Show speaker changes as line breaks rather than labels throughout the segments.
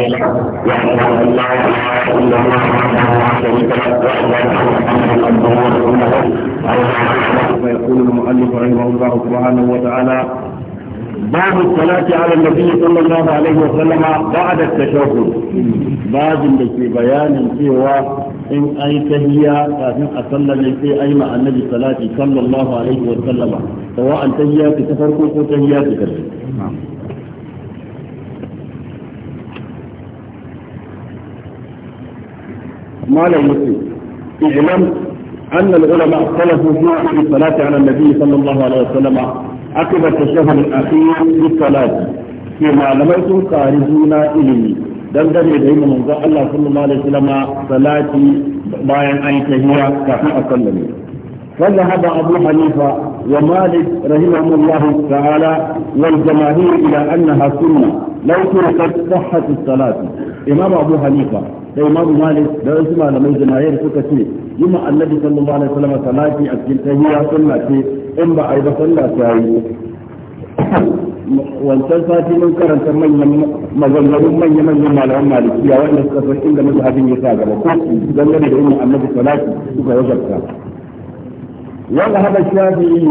وأشهد أن المؤلف رحمه الله سبحانه وتعالى باب الصلاة على النبي صلى الله عليه وسلم بعد التشهد بعد في بيان سوى إن أي تهيا كافٍ أصلى في أي مع النبي صلاة صلى الله عليه وسلم سواء تهيا تفرقوا أو تهيا تفرقوا ما لم يسي اعلم أن العلماء اختلفوا في الصلاة على النبي صلى الله عليه وسلم عقب الشهر الأخير للصلاة فيما لم يكن خارجين إليه دندن da من manzo الله sallallahu alaihi wasallam salati bayan an tahiyya kafin a فذهب أبو حنيفة ومالك رحمه الله تعالى والجماهير إلى أنها سنة لو تركت صحة الصلاة imam abu hanifa da imam malik da wasu malamai jama'ir suka ce yi ma annabi sallallahu alaihi wasallam salati a cikin tahiyya sunna ce in ba a yi ba sallah ta yi wancan sati mun karanta manyan maganganun manyan manyan malaman malikiya wanda suka san inda mazhabin ya sa gaba ko dangane da yin annabi salati suka wajabta wanda hada shafi'i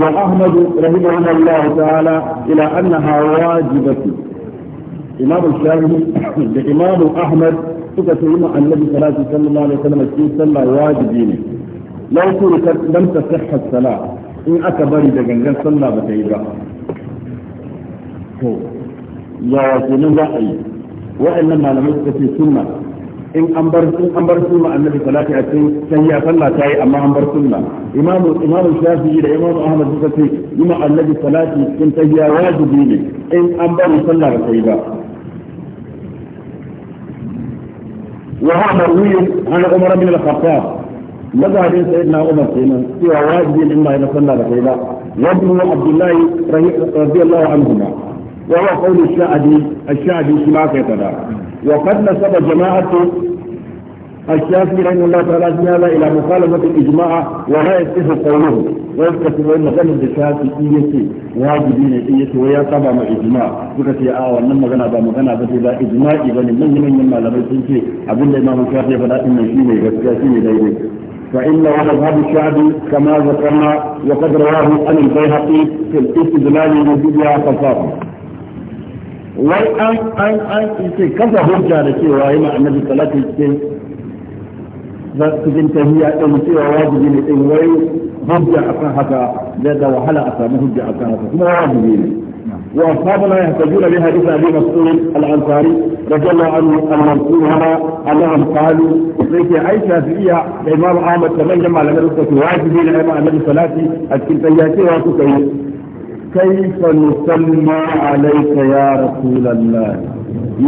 wa ahmadu rahimahullahu ta'ala ila annaha wajibatu الإمام الشافعي الإمام أحمد فقه سيما عن النبي صلى الله عليه وسلم الشيخ صلى واجبين لو تركت لم تصح الصلاة إن أتى بريد جنجل صلى بتيبا يا سنو رأي وإنما لم يكتفي سنة إن أمبر إن أمبر سنة النبي صلى الله عليه وسلم سيئة صلى تاي أما أمبر سنة إمام إمام الشافعي إلى أحمد فقه سيما النبي صلى الله عليه وسلم سيئة واجبين إن أمبر صلى بتيبا وهو مروي عن عمر بن الخطاب مذهب سيدنا عمر سينا سوى واجب مما يتصلى بخيلا وابن عبد الله رضي الله عنهما وهو قول الشعبي الشعبي كما كتب وقد نسب جماعة الشافعي رحمه الله تعالى الى مخالفة الاجماع ولا يصح قوله wai suka ce wai maganar da shafi in yace wajibi ne in yace wai ya saba ma ijma suka ce a wannan magana ba magana ba ce ba ijma'i bane manyan manyan malamai sun ce abinda imamu shafi ya faɗa din nan shine gaskiya shine daidai فإن مذهب الشعبي كما ذكرنا وقد رواه عن البيهقي في الاستدلال بها خصاصة wai an an an ce kafa hujja da cewa yi ma annabi salatu ce za su bin tahiyya din cewa wajibi ne din wai مهجع akan لدى zai da wahala a samu hujja akan haka kuma wajibi واصحابنا يهتدون ابي مسؤول الانصاري رجل الله عنه المنصور هنا انهم قالوا ليس اي شافعيه الامام عامة كمان جمع لنا رسالة واجبي لامام عامة صلاتي الكتابيات وكتبه كيف نسمى عليك يا رسول الله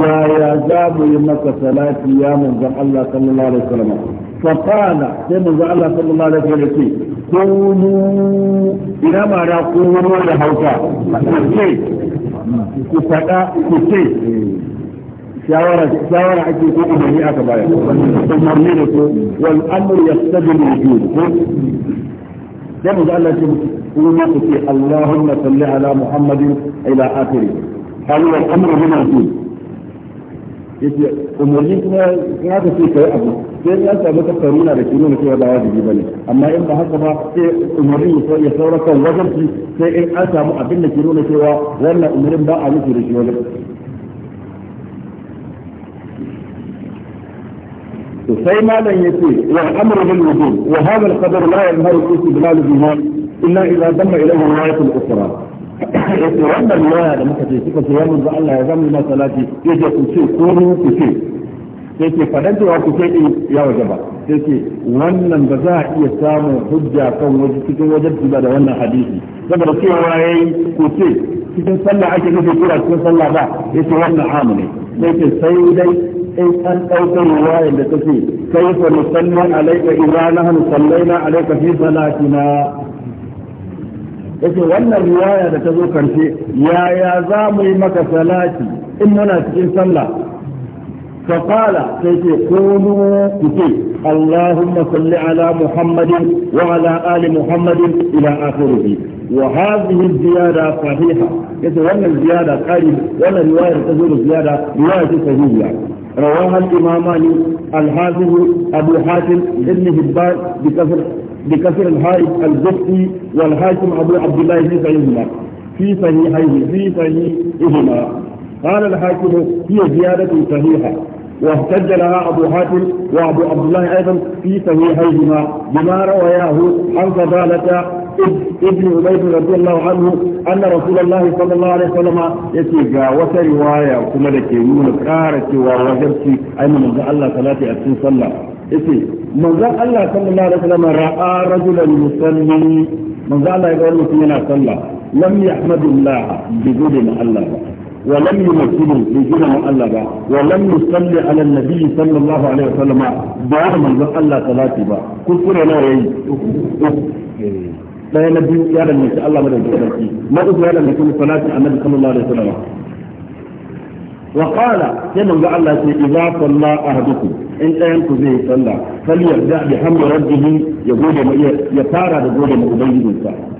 يا يا جاب يمك صلاتي يا من الله صلى الله عليه وسلم فقال سيدنا الله صلى الله عليه وسلم قولوا كما نقول ولا هوكا ku faɗa ku ce shawara shawara ake ko umarni aka bayar umarni ne ko wal amru yastadilu wujud ko dan da Allah ce kuma ku ce Allahumma salli ala Muhammadin ila akhiri hal wal amru bi ma'qul yake umarni kuma ya ta ce kai abu sai ya samu ta karuna da kino cewa ba wajibi bane amma in ba haka ba sai umarni ya sauraka wajibi sai in an samu abin da ke nuna cewa wannan umarnin ba a nufi da shi wajibi sai malam yace wa amru bil wujub wa hadha al qadar la yanharu fi istidlal bihi illa idha damma ilayhi al-ayat al-ukhra yace wannan lawaya da muka ce suka ce yamin da Allah ya zama masa salati yace ku ce ko ni ku ce sai ce fadan cewa ku ce din eh, ya waje ba sai ce wannan ba za a iya samun hujja kan waje cikin wajen ba da wannan hadisi saboda cewa yayi ku ce cikin sallah ake nufi kira cikin sallah ba yace wannan amu ne sai ce sai dai in an ɗaukar ruwayar da take kai fa musallin alaika idza nahnu sallaina alaika fi salatina yake wannan riwaya da ta zo karshe yaya za mu yi maka salati in muna cikin sallah فقال سيقولوا كتير اللهم صل على محمد وعلى آل محمد إلى آخره وهذه الزيادة صحيحة يتولى الزيادة قريب ولا رواية تزول الزيادة رواية صحيحة رواها الإمامان الحافظ أبو حاتم ابن هبان بكثرة بكسر الهاء الجبتي والهاشم أبو عبد الله في سيدنا في صحيحيه في صحيحهما قال الحاكم هي زيادة صحيحة واحتج لها أبو حاتم وأبو عبد الله أيضا في صحيحيهما بما رواياه عن فضالة ابن عبيد رضي الله عنه أن رسول الله صلى الله عليه وسلم يتيجا وترواية وكما لك يقول كارك ووجبتي أي من الله ثلاثة أبسين صلى يتيجا إيه؟ manzan Allah sallallahu alaihi wasallam ra'a rajulan musalli manzan Allah ga wannan yana sallah lam yahmadullah bi gudin Allah ba wa lam yumsidu bi gudin Allah ba wa lam yusalli ala nabi sallallahu alaihi wasallam ba da manzan Allah salati ba kuskure na yayi daya na biyu ya danne shi Allah madaukakin sarki madaukakin ya danne shi salati annabi sallallahu alaihi wasallam وقال يمن قال الله إذا صلى أهدكم إن أنت زي صلى فليبدأ بحمد ربه يقول يتارى بقول مؤبيه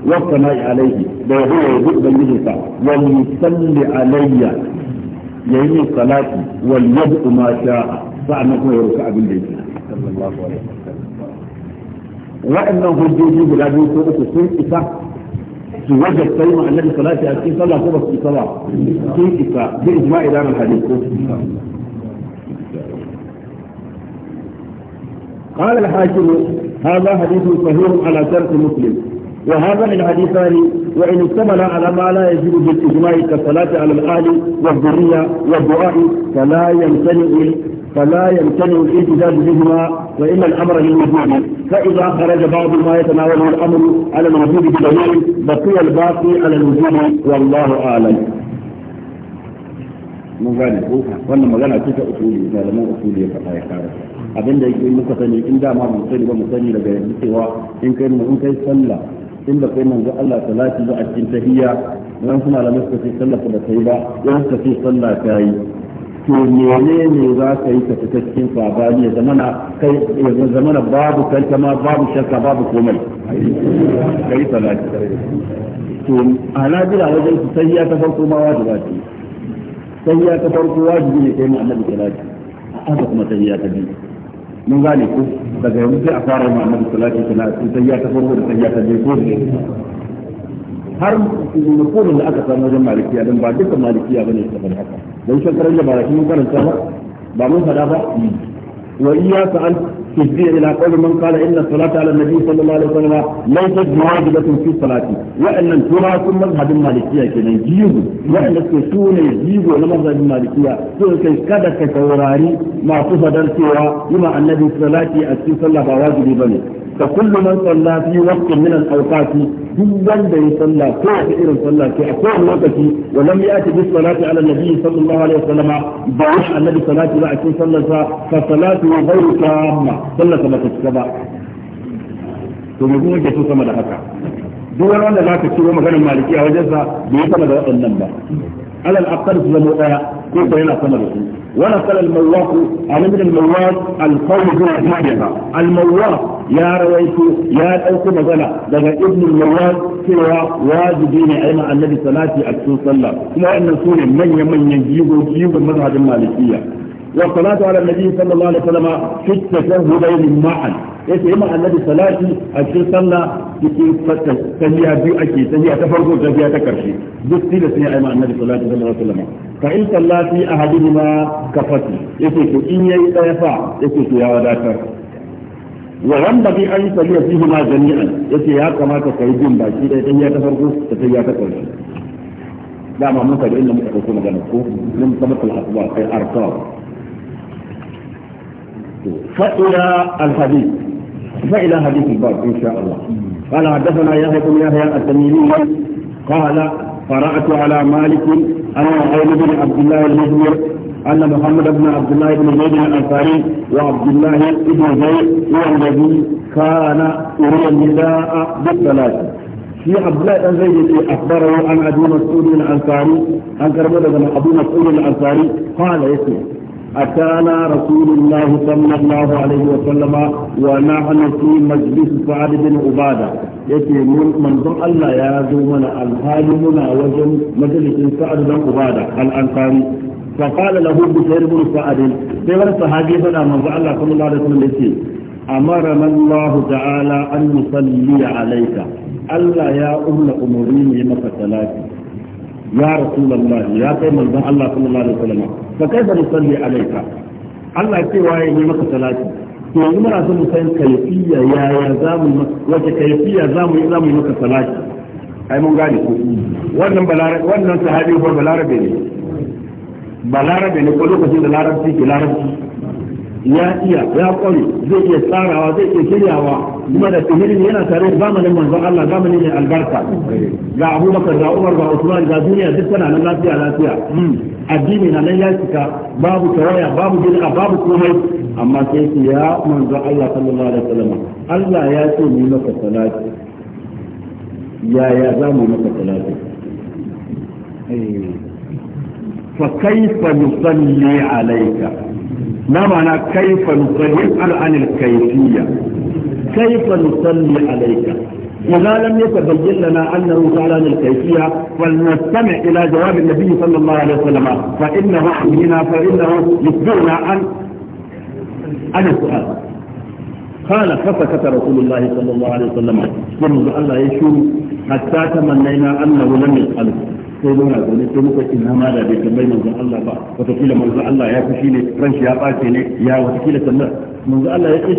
والسماء عليه وهو يقول مؤبيه وليصلي علي يهي الصلاة وليدع ما شاء فأنه هو يركع بالليل صلى الله عليه وسلم وأنه هجوجي بلا بيوت وأكسر في وجه sai ma صلى في صلاة cikin في ko في su sallah sun isa قال الحاكم هذا حديث صحيح على شرط مسلم وهذا الحديثان وإن اشتمل على ما لا يجب بالإجماع كالصلاة على الآل والذرية والدعاء فلا يمتنع فلا يمتنع الاحتجاج بهما وإن الأمر للمجموع فإذا خرج بعض ما يتناوله الأمر على الموجود بدليل بقي الباقي على الوجود والله أعلم mun gane ko wannan magana ce ta usuli malaman usuli ya faɗa ya kare abin da yake muka sani in da ma mun sani ba mu sani daga yanzu cewa in kai mu in kai sallah in da kai manzo Allah salati ba a cikin tahiyya dan kuma malamai suka ce sallah ba ta yi ba dan suka ce sallah ta yi to ne za ka yi ka fita cikin sabani ya zamana kai ya zamana babu kankama babu shakka babu komai kai salati to halajira wajen su sai ya ta farko ma wajiba ce sai ya ta farko wajibi ne kai mu annabi salati haka kuma sai ya ta bi mun gane ko daga yanzu sai a fara mu annabi salati kana sai ya ta farko da sai ya ta bi ko har mu kodin da aka samu wajen malikiya don ba duka malikiya ba ne ta haka don shakarar da ba shi karanta ba ba mun faɗa ba wa iya ka an tafi ila kawai kala inna salata ala nabi sallallahu alaihi wasallam lai ta jima'a gida sun fi salati wa'annan tura sun mazhabin malikiya kenan jigo wa'annan ke su ne jigo na mazhabin malikiya su ne kai kada ka saurari masu fadar cewa yi ma annabi salati a cikin sallah ba wajibi ba ne فكل من صلى في وقت من الاوقات كل من يصلى في غير صلى في اكوان وقت ولم ياتي بالصلاه على النبي صلى الله عليه وسلم بعد النبي صلى الله عليه وسلم فصلاته غير تامه صلى كما تتكبا تنبوه جسوس ما لحقا دولا لا تتكبا مغنى المالكي اوجزها بيتم دولا النبا على الاقل تظلموا كيف هنا ثمر ونقل المواق عن ابن المواق القول فيها المواق يا رويت يا أوك مغنى دغا ابن المواق سوى واجبين أيما النبي صلاة أكسو صلى كما أن سوري من يمن يجيبه جيب المذهب المالكية والصلاة على النبي صلى الله عليه وسلم في التشهدين معا yace ma annabi salati a cikin sallah cikin tahiya biyu ake tahiya ta farko tahiya ta karshe duk sai da sai ai ma annabi salati sallallahu alaihi wasallam fa in sallati ahaduhuma kafati yace to in yayi daya fa yace to ya wadatar wa yanbaghi an yusalli fihi ma jami'an yace ya kamata kai bin baki daya tahiya ta farko da tahiya ta karshe dama muka ko kai فإلى الحديث فإلى حديث الباب إن شاء الله قال حدثنا يحيى بن يحيى التميمي قال قرأت على مالك أن عين بن عبد الله المزمر أن محمد بن عبد الله بن زيد الأنصاري وعبد الله بن زيد هو الذي كان يري النداء بالثلاثة في عبد الله بن زيد أخبره عن أبي مسعود الأنصاري أن كرمه أبي مسعود الأنصاري قال يسمع أتانا رسول الله صلى الله عليه وسلم ونحن في مجلس سعد بن عبادة يتي من ضم الله يا زومنا الحال منا وجن مجلس سعد بن عبادة الأنصاري فقال له بشير بن سعد سيور صحابي بنا من الله صلى الله عليه وسلم يتي أمرنا الله تعالى أن نصلي عليك الله يا أم أمورين لمك يا رسول الله يا سيد الله صلى الله عليه وسلم fa kaifa nusalli alayka Allah cewa ya yi maka salati to yanzu muna son mu san yaya wace kaifiya zamu zamu yi maka salati ai mun gane ko wannan balarabe wannan sahabi ko balarabe ne balarabe ne ko lokacin da larabci ke larabci ya iya ya kwari zai iya tsarawa zai iya shiryawa kuma da sihirin yana tare da zamanin manzon Allah zamanin mai albarka ga Abubakar ga Umar ga Usman ga duniya duk tana nan lafiya lafiya hmm. addini na nan ya cika babu tawaya babu bid'a babu komai amma sai ki ya manzo Allah sallallahu alaihi wasallam Allah ya ce mu maka salati ya ya za mu maka salati eh. fa kayfa nusalli alayka ما معنى كيف نصلي يسأل عن الكيفية كيف نصلي عليك إذا لم يتبين لنا أنه سأل عن الكيفية فلنستمع إلى جواب النبي صلى الله عليه وسلم فإنه هنا فإنه يخبرنا عن عن السؤال قال فسكت رسول الله صلى الله عليه وسلم ثم الله يشوف حتى تمنينا أنه لم يسأل sai muna zaune sai muka ce ma da bai tambayi manzon Allah ba wataƙila manzon Allah ya fushi ne shi ya ɓace ne ya wataƙila sannan manzon Allah ya ce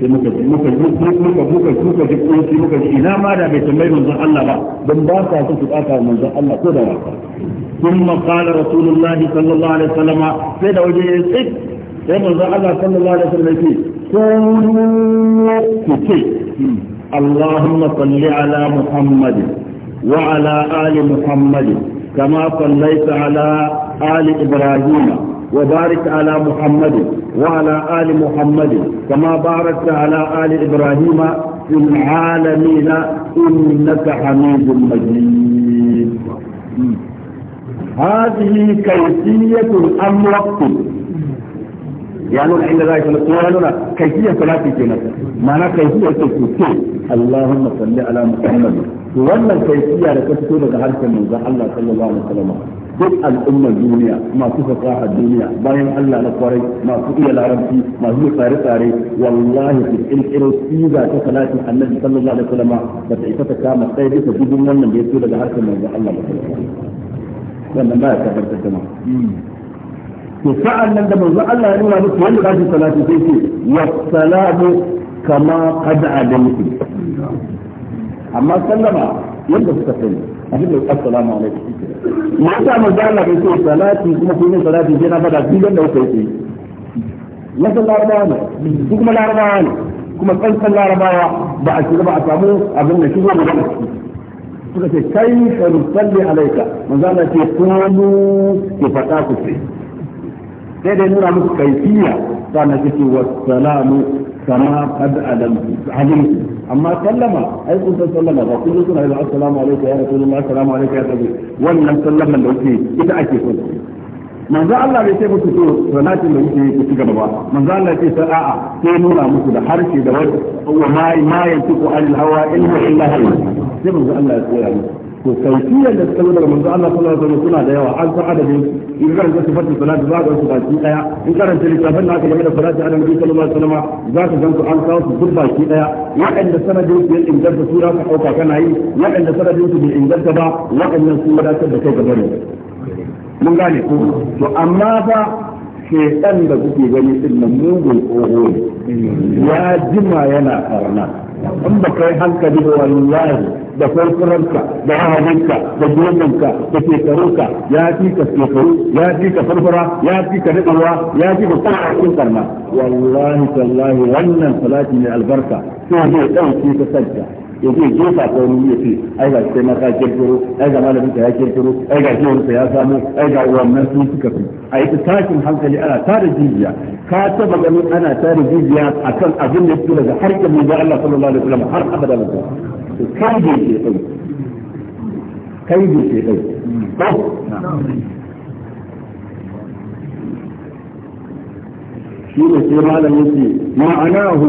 sai muka muka muka muka muka ji muka ji ina ma da bai tambayi manzon Allah ba dan ba sa su su ɓata manzon Allah ko da wasa ثم قال رسول الله صلى الله عليه وسلم سيدا وجه Allah sallallahu alaihi صلى الله عليه وسلم يقول قولوا اللهم صل على محمد وعلى آل محمد كما صليت على آل إبراهيم وبارك على محمد وعلى آل محمد كما باركت على آل إبراهيم في العالمين إنك حميد مجيد هذه كيفية الأمر ya يعني inda za ka kuma ya nuna kaifiyar salati ke nan ma'ana kaifiyar ta kuke to wannan kaifiya da ta fito daga harshen manzon Allah sallallahu alaihi wasallam duk al'ummar duniya masu fasaha duniya bayan Allah na kwarai masu iya larabci masu tsare-tsare wallahi su kirkiro siza ta salatin annabi sallallahu alaihi wasallam ba ta ita ta kama sai duka dubin wannan da ya fito daga harshen manzon Allah sallallahu alaihi wasallam wannan ba ya tabbatar da ma to sa'an nan da manzon Allah ya nuna musu wanda ba shi salati sai ce wassalamu kama qad alimtu amma sallama yadda suka sani abin da assalamu alaikum ma sa manzo Allah bai ce salati kuma kun yi salati je na fada duk da kuka yi masan larabawa ne su kuma larabawa ne kuma tsantsan larabawa ba a shiga ba a samu abin da shigo guda suka ce kai ka rusalli alaika manzo Allah ce kunu ki fada ku sai sai dai nuna musu kaifiya sannan ce wassalamu كما قد علمت اما سلم اي قلت سلم رسول الله عليه السلام عليك يا رسول الله السلام عليك يا ابي ولم سلم من وجهي اذا اكيد من ذا الله يسيب تسوه سنات من وجهي تسيق ببا من ذا الله يسيب ساعة تنونا آه، مسودة حرشي دوجه هو ما ينطق عن الهوى إلا إلا هل سيب الله يسيب to kaifiyar da suka zo daga manzo Allah sallallahu alaihi wasallam suna da yawa an san adadin su in karanta sifatu salati za ka su baki daya in karanta littafin na aka game da salati ala nabi sallallahu alaihi wasallam za ka san an kawo su duk baki daya waɗanda sanadin su ya inganta su za ka ɗauka kana yi waɗanda sanadin su bai inganta ba waɗannan su wadatar da kai gaba bari mun gane ko to amma fa dan da kuke gani din nan mugun tsoho ne ya jima yana karna in ba kai hankali wallahi da farfararka da ahalinka da gomanka da shekarunka ya fi ka shekaru ya fi ka farfara ya fi ka daɗewa ya fi ka fara cikin karna wallahi tallahi wannan salati ne albarka sai zai ɗauke ta sajja ya zai jefa ko wani ya ce ai ga sai maka kirkiro ai ga malamin ka ya kirkiro ai ga jiwon ya samu ai ga wannan sun suka fi a yi tashin hankali ana tara jijiya ka taba ganin ana tara jijiya akan abin da ya fito daga harkar manzo Allah sallallahu alaihi wasallam har abada في كيد كيدي في الشيطان طب شيء سيرانا يسي معناه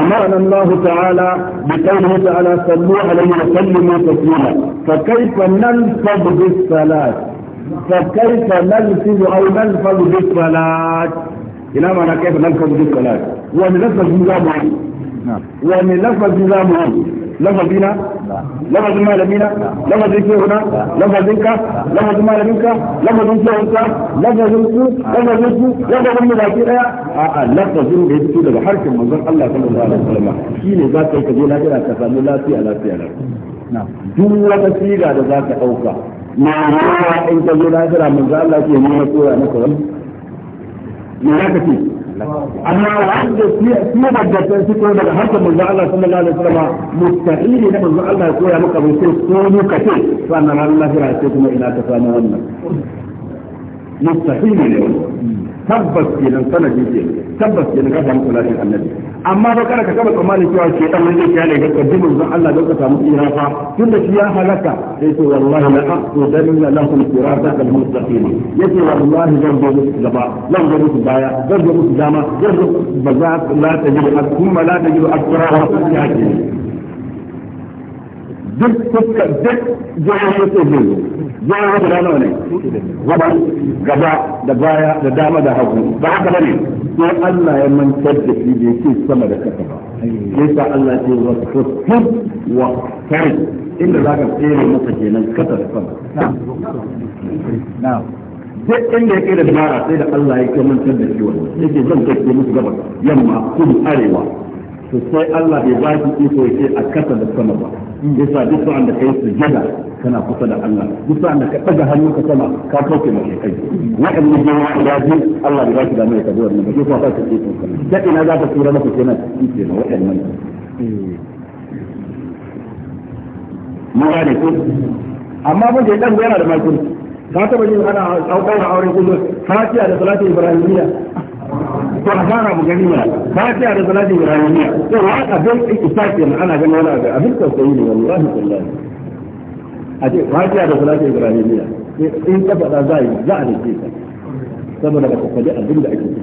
أمان الله تعالى بقوله تعالى صلوا عليه وسلم تسليما فكيف نلفظ بالصلاة فكيف نلفظ أو نلفظ بالصلاة إلى معنى كيف نلفظ بالصلاة ونلفظ نظامه نعم. ونلفظ نظامه لفظ بينا لفظ مال بينا لفظ هنا لفظ ذنكا لفظ مال منك لفظ انت انت لفظ انت لفظ انت لفظ آه، آه، من الاخير لفظ من بيتو ده حرف منظر الله صلى الله عليه وسلم في نعم. ذات الكبيرة لا تسال الله لا في على في على نعم جوا تسيغا ده ذات اوقا ما انت لا تسال منظر الله في نعمه ولا نكرم ما هكذا amma wanda siyar da su koyi daga harkar manzo Allah sallallahu alaihi wasallam mustahili na manzo Allah ya koya maka bai sai ko mu kace sannan Allah ya race kuma ina ta samu wannan mustahili ne wannan tabbas kenan sanadi ke tabbas kenan ka samu salatin annabi amma ba kada ka kaba tsammanin cewa ke dan nan zai ne ga kaddimin zan Allah don ka samu tsira fa tunda shi ya halaka sai to wallahi la aqudanna lahum sirata al-mustaqim yace wallahi zan zo musu gaba zan zo musu baya zan zo musu dama zan zo ba za la tajidu akuma la tajidu akraha ya ke duk fuskar duk jihar yake zai yi jihar wata da nawa ne gaba gaba da baya da dama da hagu ba haka bane sai Allah ya mantar da shi da yake sama da kasa ba yasa Allah ce wa fasfus wa kai inda zaka tsere masa kenan kasa da sama na'am duk inda yake da dabara sai da Allah ya mantar da shi wannan yake zan kai musu gaba yamma kudu arewa to sai Allah bai ba shi iko yake a kasa da sama ba yasa duk sa'an da kai sujada kana kusa da Allah duk sa'an da ka daga ka sama ka kauce ma kai wa'annan jawa ilahi Allah bai ba shi da mai kazo wannan bai sa ka ce kuma da ina za ka tura maka kenan shi ke nan mu ga ne ko amma mun dai dan yana da makuri ka taba jin ana aukar auren kullum fatiha da salatu ibrahimiyya to a mu gani mana ba ta da salati ibrahimiya to wa abin ikisaki ana ganin wani abin ka tausayi ne wallahi wallahi a ce fatiha da salati ibrahimiya in ka faɗa za a yi za a rike ka saboda ba ka faɗi abin da ake ciki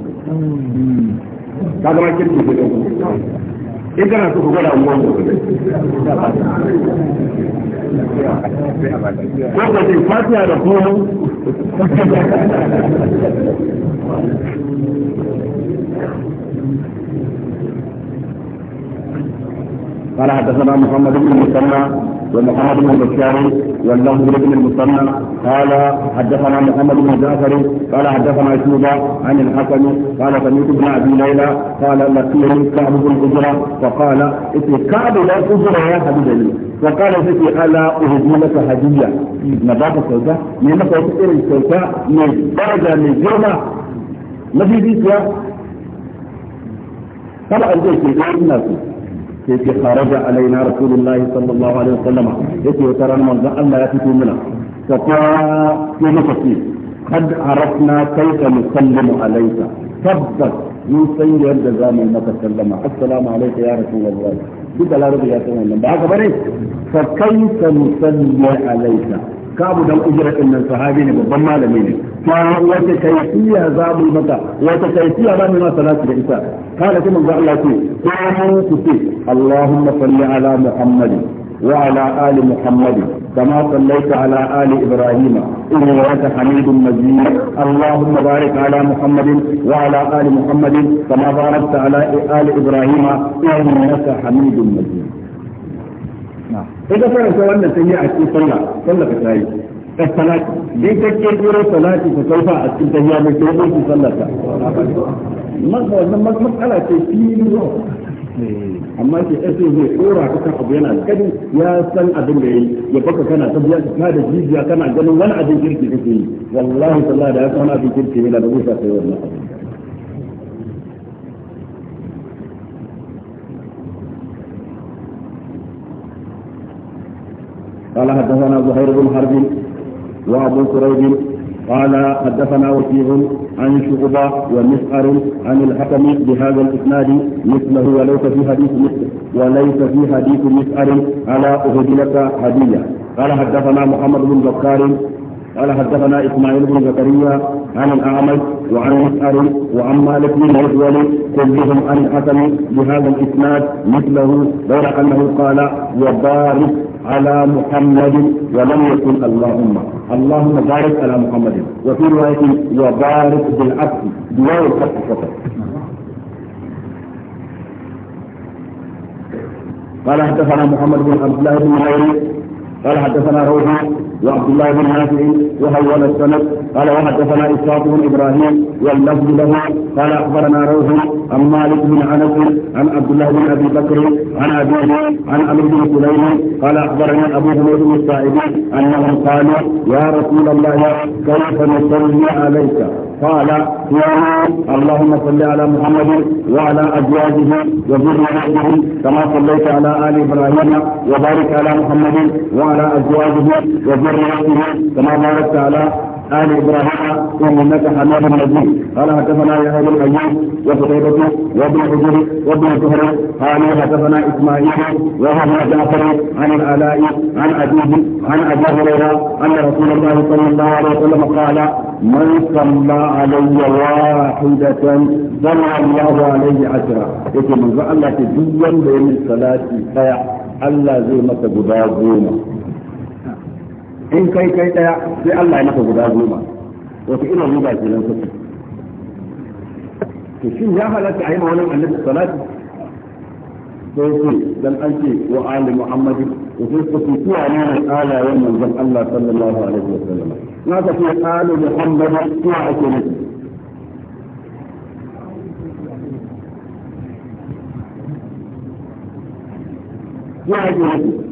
ka zama kirki ko ɗan in kana so ku gwada unguwan ko ka ce fatiha da kuma قال حدثنا محمد بن المثنى ومحمد بن بشار واللفظ بن المثنى قال حدثنا محمد بن جعفر قال حدثنا شوبة عن الحسن قال سميت بن ابي ليلى قال لقيه كعب بن حجرة فقال اسم كعب لا حجرة يا حبيب حبيبي وقال سيدي الا اهدي لك هدية نبات السوداء من نبات السوداء من درجة من جرمة ما في طبعا دي في عندنا في في خرج علينا رسول الله صلى الله عليه وسلم يتي إيه ترى من الله يأتي منا فقال يوم فصيل قد عرفنا كيف نسلم عليك تبدا من سيد يرد زامن ما تسلم السلام عليك يا رسول الله كده لا رضي يا سيدنا بعد فكيف نسلم عليك kabu dan ujra din nan sahabi ne babban malami ne ma wata kaifiya za mu mata wata kaifiya ba mu ma salati da isa kada kuma ga Allah ce ko ku ce Allahumma salli ala Muhammad wa ala ali Muhammad كما صليت على آل إبراهيم إنك حميد مجيد اللهم بارك على محمد وعلى آل محمد كما باركت على آل إبراهيم إنك حميد مجيد sai fara karanta wannan sai a cikin sallah sallah ka tayi ka salati dai kake tsoro salati kai fa a cikin tahiyya mai sai ka sallah ta maka wannan matsala ce fili ne amma ke ɗansu zai tsora ka kan abu yana gani ya san abin da yayi ya baka kana ta biya ka da jijiya kana ganin wani abin kirki kake yi wallahi sallah da ya san abin kirki ne da ba zai sa kai wannan abin قال حدثنا زهير بن حرب وابو كريب قال حدثنا وكيع عن شعبة ومسعر عن الحكم بهذا الإسناد مثله وليس في حديث مثل وليس في حديث مسعر على أهد لك هدية قال حدثنا محمد بن بكار قال حدثنا إسماعيل بن زكريا عن الأعمش وعن مسعر وعن مالك بن مجول كلهم عن الحكم بهذا الإسناد مثله غير أنه قال وبارك على محمد ولم يكن اللهم اللهم بارك على محمد وفي رواية وبارك بالعبد دعاء الفتح فقط قال حدثنا محمد بن عبد الله بن عمرو قال حدثنا روحي وعبد الله بن نافع وهول السند قال وحدثنا اسحاق بن ابراهيم واللفظ له قال اخبرنا روح عن مالك بن انس عن عبد الله بن ابي بكر عن ابيه عن عمرو بن سليم قال اخبرني ابو هريره السائب انهم قالوا يا رسول الله كيف نصلي عليك قال يا اللهم صل على محمد وعلى ازواجه وذريته كما صليت على ال ابراهيم وبارك على محمد وعلى ازواجه وذريته وذريتها كما باركت على آل إبراهيم وإنك حماد مجيد قال حدثنا يا بن أيوب وقتيبة وابن حجر وابن زهر قال حدثنا إسماعيل وهو جعفر عن الآلاء عن أبيه عن أبي هريرة أن رسول الله صلى الله عليه وسلم قال من صلى علي واحدة صلى الله عليه عشرة يقول من الله تدين بين الصلاة فيع الله زي ما تقول in kai kai daya sai Allah ya maka guda goma wata ina riba ke nan kuka to shin ya halatta a yi ma'anar annabi salati sai ce dan an ce wa ali muhammadin da sai ku ci tuwa ne da alayen manzon Allah sallallahu alaihi wa sallam na ka ce ali muhammadin tuwa ake nufi
tuwa ake nufi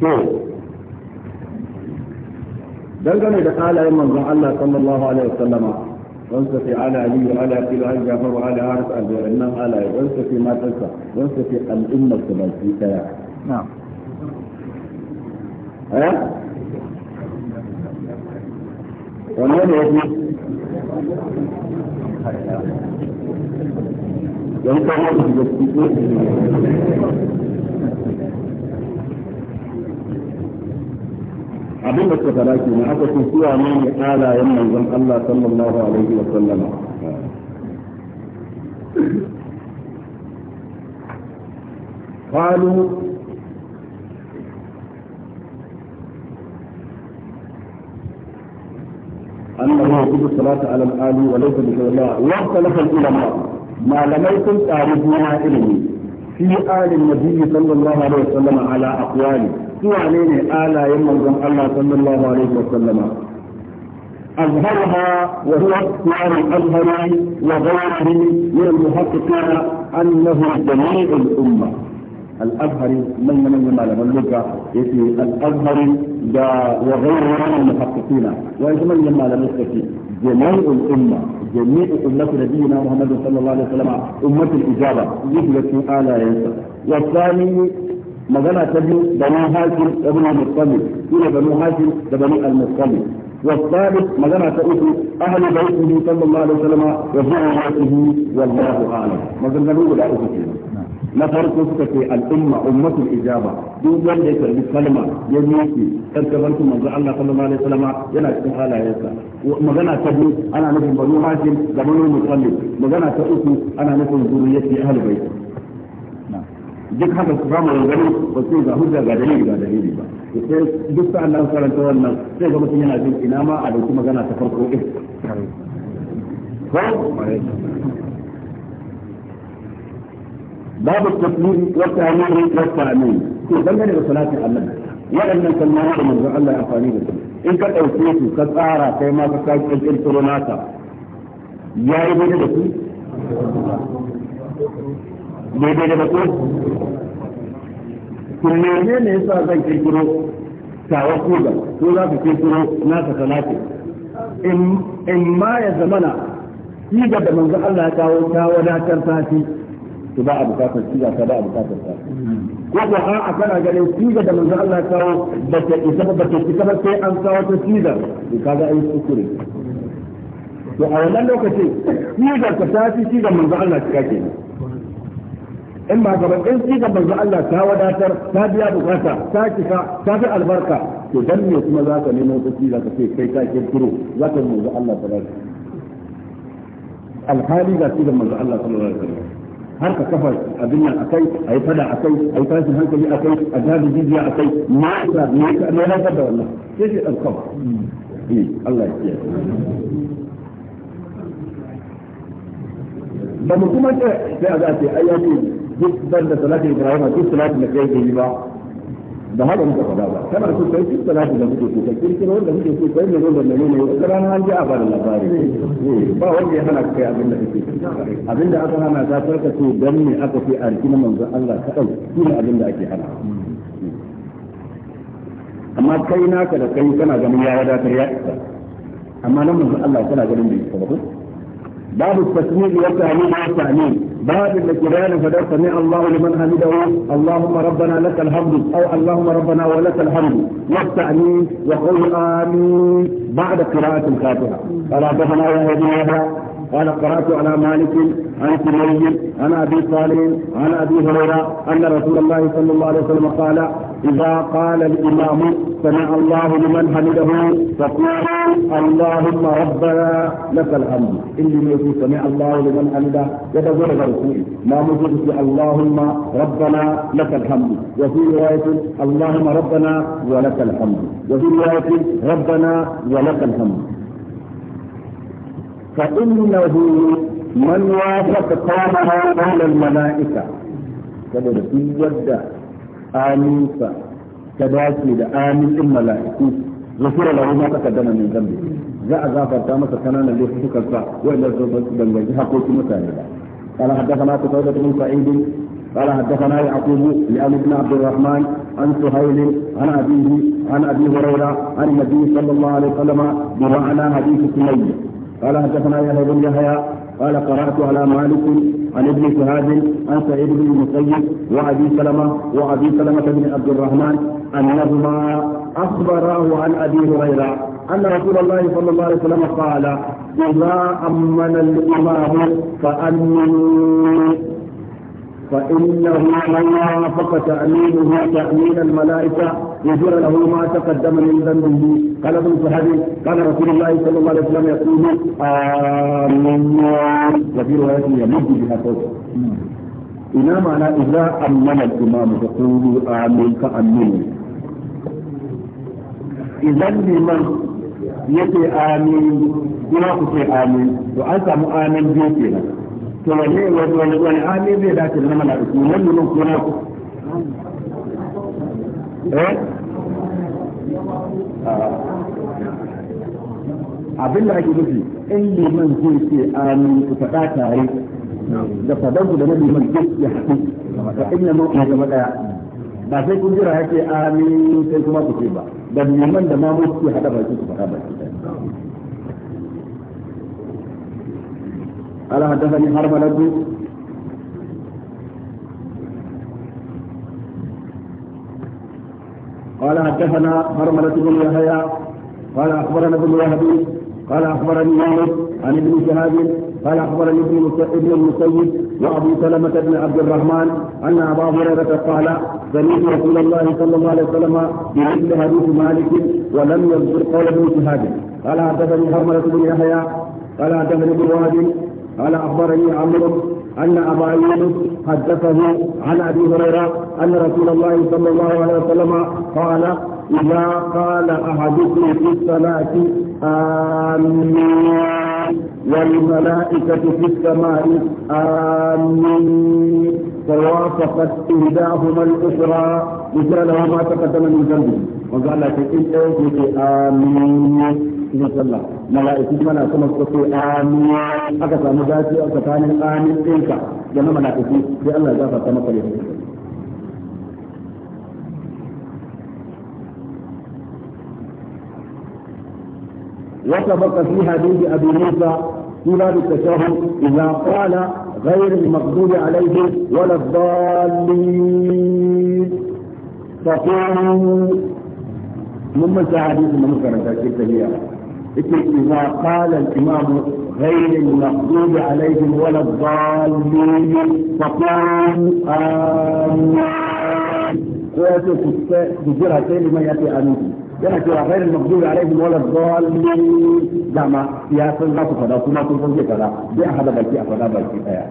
to dangane da halayen manzon Allah sallallahu alaihi wasallama wansa fi ala ali wa ala fil an jafar wa ala aris al nan ala wansa fi matarsa wansa fi al'ummar eh? ta baki daya na'am eh wannan ne
yake yan kawo
da gaskiya abin da suka fara سوى من aka ce suwa ne ne الله manzon Allah sallallahu alaihi wa قالوا أنه يجب الصلاة على الآل وليس بشرع واختلف العلماء ما لم يكن تعرفون علمي في آل النبي صلى الله عليه وسلم على أقواله سواني آلا يمن الله صلى الله عليه وسلم أظهرها وهو اختيار الأظهر وغيره من المحققين أنه جميع الأمة الأزهري من من من لم يلقى يأتي الأزهري وغيره من المحققين وإذا من من لم يلقى جميع الأمة جميع أمة نبينا محمد صلى الله عليه وسلم أمة الإجابة يجلس آلا ينسى والثاني magana ta biyu bani hashim da bani mustamin ina bani hashim da bani almustamin والثالث مجمع تأثير أهل بيته صلى الله عليه وسلم وزعوا بيته والله أعلم مجمع نقول لا أفكر نفر قصة الأمة أمة الإجابة دون ذلك بالكلمة سلمة يميكي تركبنت من زعل الله صلى الله عليه وسلم ينعك سحالة يسا ومجمع تأثير أنا نفر بنو هاشم بنو مصلي مجمع تأثير أنا نفر ذريتي أهل بيته duk haka su kama gani ba su ga hujja ga dalili ga dalili ba sai duk sa'an nan karanta wannan sai ga mutum yana jin ina ma a dauki magana ta farko din babu tafsiri wa ta'amiri wa ta'amiri to dangane da salatin annabi waɗannan sallama da manzon Allah ya amfani da su in ka ɗauke su ka tsara kai ma ka kawo kirkiro naka ya yi daidai da su daidai da su to ne ne yasa zan kirkiro tawa koga ko za ka kirkiro nasa talati in ma ya zamana ga da manzo Allah ya kawo ta wadatar sati to ba a bukatar siga ta ba a bukatar ta ko ko a a kana ganin ga da manzo Allah ya kawo ba ta isa ba ta isa ba sai an kawo ta siga to kaga ai shukuri to a wannan lokaci shi ka ta shi ga manzo Allah ya kake in ba gaban in sigar manzo Allah ta wadatar ta biya bukata ta kika ta fi albarka to dan ne kuma za ka nemo ta sigar ka ce kai ka kirkiro za ka manzo Allah ta bada alhali ga sigar manzo Allah sallallahu alaihi wasallam har ka kafa abin nan akai ayi fada akai ayi tashin hankali akai a jabi jijiya akai ma ina ne ka ne da wannan sai shi alkawa Allah ya kiyaye ba mu kuma ce sai a za a ce ai duk ban da salatin ibrahim duk salatin da kai yi ba da haka muka faɗa ba kana so kai duk salatin da muke so kai kirkiro wanda muke so kai ne wanda ne ne wata rana an ji a bada labari eh, ba wanda ya hana kai abin da kake abin da aka hana ta farka so dan ne aka ce a na manzon Allah kaɗai shi ne abin da ake hana amma kai naka da kai kana ganin ya wadatar ya isa amma nan manzon Allah kana ganin bai isa ba باب التسميع والتعليم والتعليم باب الكبار فلا سمع الله لمن حمده اللهم ربنا لك الحمد او اللهم ربنا ولك الحمد والتعليم وقول امين بعد قراءة الفاتحة فلا تفنى يا قال قرأت على مالك عن سمي عن أبي صالح عن أبي هريرة أن رسول الله صلى الله عليه وسلم قال إذا قال الإمام سمع الله لمن حمده فقال اللهم ربنا لك الحمد إني يقول سمع الله لمن حمده يتزور الرسول ما مجد اللهم ربنا لك الحمد وفي رواية اللهم ربنا ولك الحمد وفي رواية ربنا ولك الحمد فإنه من وافق قامها قال الملائكة كبير في ودة يد آمنسا كذاكي لآمن الملائكة غفر له ما تقدم من ذنبه جاء غافر تامة كنانا اللي حسوك الفا وإلا الزوبة بالوجه حقوك متعيدا قال حدثنا تطوبة من سعيد قال حدثنا يعقوب لأن ابن عبد الرحمن عن سهيل عن أبيه عن أبي هريرة عن النبي صلى الله عليه وسلم بمعنى حديث سليم قال حدثنا يحيى بن يحيى قال قرات على مالك عن ابن شهاب عن سعيد بن المسيب وابي سلمه وابي سلمه بن عبد الرحمن انهما اخبراه عن ابي هريره ان رسول الله صلى الله عليه وسلم قال اذا امن الامام فامنوا فإنه لما وافق تأمينه تأمين الملائكة يجر له ما تقدم من ذنبه قال ابن صحابي قال رسول الله صلى الله عليه وسلم يقول آمين وفي رواية يمد بها صوته إلى معنى إذا أمن الإمام يقول آمين فأمين إذا الإمام يتي آمين ولا تتي آمين وأنت مؤمن لك to wanne wani wani hali zai dace da na mala'iku nan ne mun kuma ku
eh ah.
abin da ake nufi in liman zai ce amin ku faɗa tare da faɗan da na man duk ya haɗu ka inna mun gaba daya ba sai kun jira yake amin sai kuma ku ce ba da liman da ma mu su hada baki su faɗa baki قال حدثني حرملة قال حدثنا حرملة بن يحيى قال أخبرنا ابن وهبي قال أخبرني مالك عن ابن شهاب قال أخبرني ابن ابن المسيب وأبو سلمة بن عبد الرحمن أن أبا هريرة قال سمعت رسول الله صلى الله عليه وسلم بمثل حديث مالك ولم يذكر قول ابن شهاب قال حدثني حرملة بن يحيى قال حدثني ابن وهب قال اخبرني عمرو ان ابا يونس حدثه عن ابي هريره ان رسول الله صلى الله عليه وسلم قال اذا قال احدكم في الصلاه امين والملائكه في السماء امين توافقت اهداهما الاخرى لكان ما تقدم من ذنبه وقال لك امين cikin sallah mala'iku kuma na kuma suka ce amin aka samu dace a tsakanin amin ɗinka da na mala'iku sai Allah ya gafarta maka da وسبق في حديث ابي موسى في باب التشهد اذا قال غير المغضوب عليهم ولا الضالين فقولوا من حديث من كانت تلك إذا قال الإمام غير المغضوب عليهم ولا الضالين فقالوا آمين قوة الستاء ما يأتي آمين يلا يعني كيرا غير المغضوب عليهم ولا الضالين دعما يا سنغاتو فدا سنة تنزي كذا دي أحد بلكي أفدا بلكي آية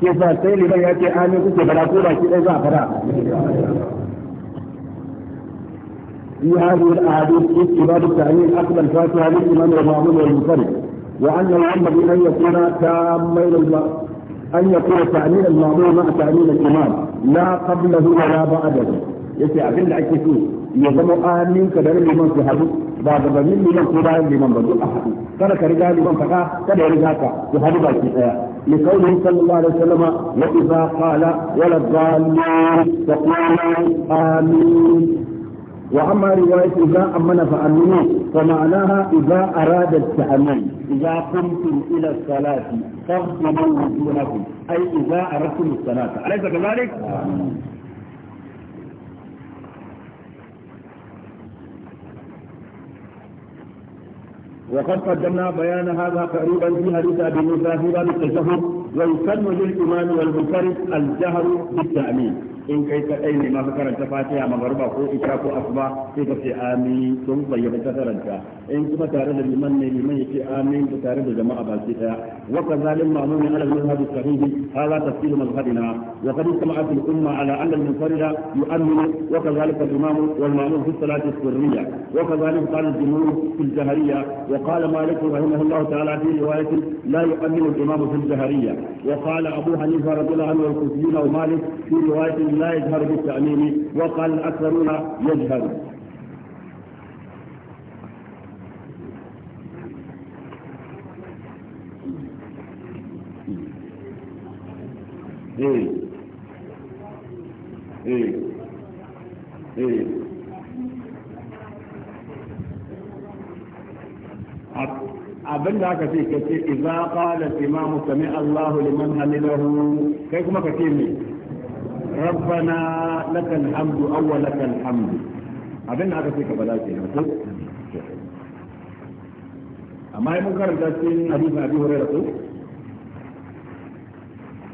كيف سيلي ما يأتي آمين كيف سيلي ما يأتي آمين كيف سيلي ما يأتي آمين في هذه الاحاديث كتاب التعليم اخذ الفاتحه للامام والمامون والمنفرد وان ينبغي ان يكون تامين ان يكون تعليم المامون مع تعليم الامام لا قبله ولا بعده يسعى في العكسين ake so كذلك لمن amin بعد da لمن su hadu ba da banin liman ko bayan liman ba duk a hadu لقوله صلى الله عليه وسلم وإذا قال ولا الضالين تقولوا آمين وأما رواية إذا أمن فأمنوا فمعناها إذا أراد التأمين إذا قمتم إلى الصلاة فاغسلوا وجوهكم أي إذا أردتم الصلاة أليس كذلك؟ وقد قدمنا بيان هذا قريبا في حديث ابي موسى في باب التشهد ويسن للامام والمنفرد الجهر بالتامين in kai kadai ne ma ka karanta fatiha magariba ko isha ko asuba sai ka ce amin don bayyana ta karanta in kuma tare da liman ne liman yake amin da tare da jama'a ba sai daya wa ka kazalim ma'muni ala al-manhaj as hala hadha tafsir madhhabina wa qad istama'at al-umma ala anna al-munfarida yu'minu wa ka kadhalika al-imam wal ma'mum fi salati as-sirriyya wa kadhalika qala al-jumhur fi al-jahriyya wa qala malik rahimahullah ta'ala fi riwayat la yu'minu al-imam fi al-jahriyya wa qala abu hanifa radhiyallahu anhu wal-kufiyyun wa malik fi riwayat لا يجهر بالتعليم وقال الأكثرون يجهر
ايه ايه ايه abin da aka ce ka ce idza qala imamu sami Allahu liman hamilahu
kai kuma ka ce me ربنا لك الحمد أول لك الحمد أبين هذا فيك بلاتي رسول أما يمكر الجاسين حديث أبي هريرة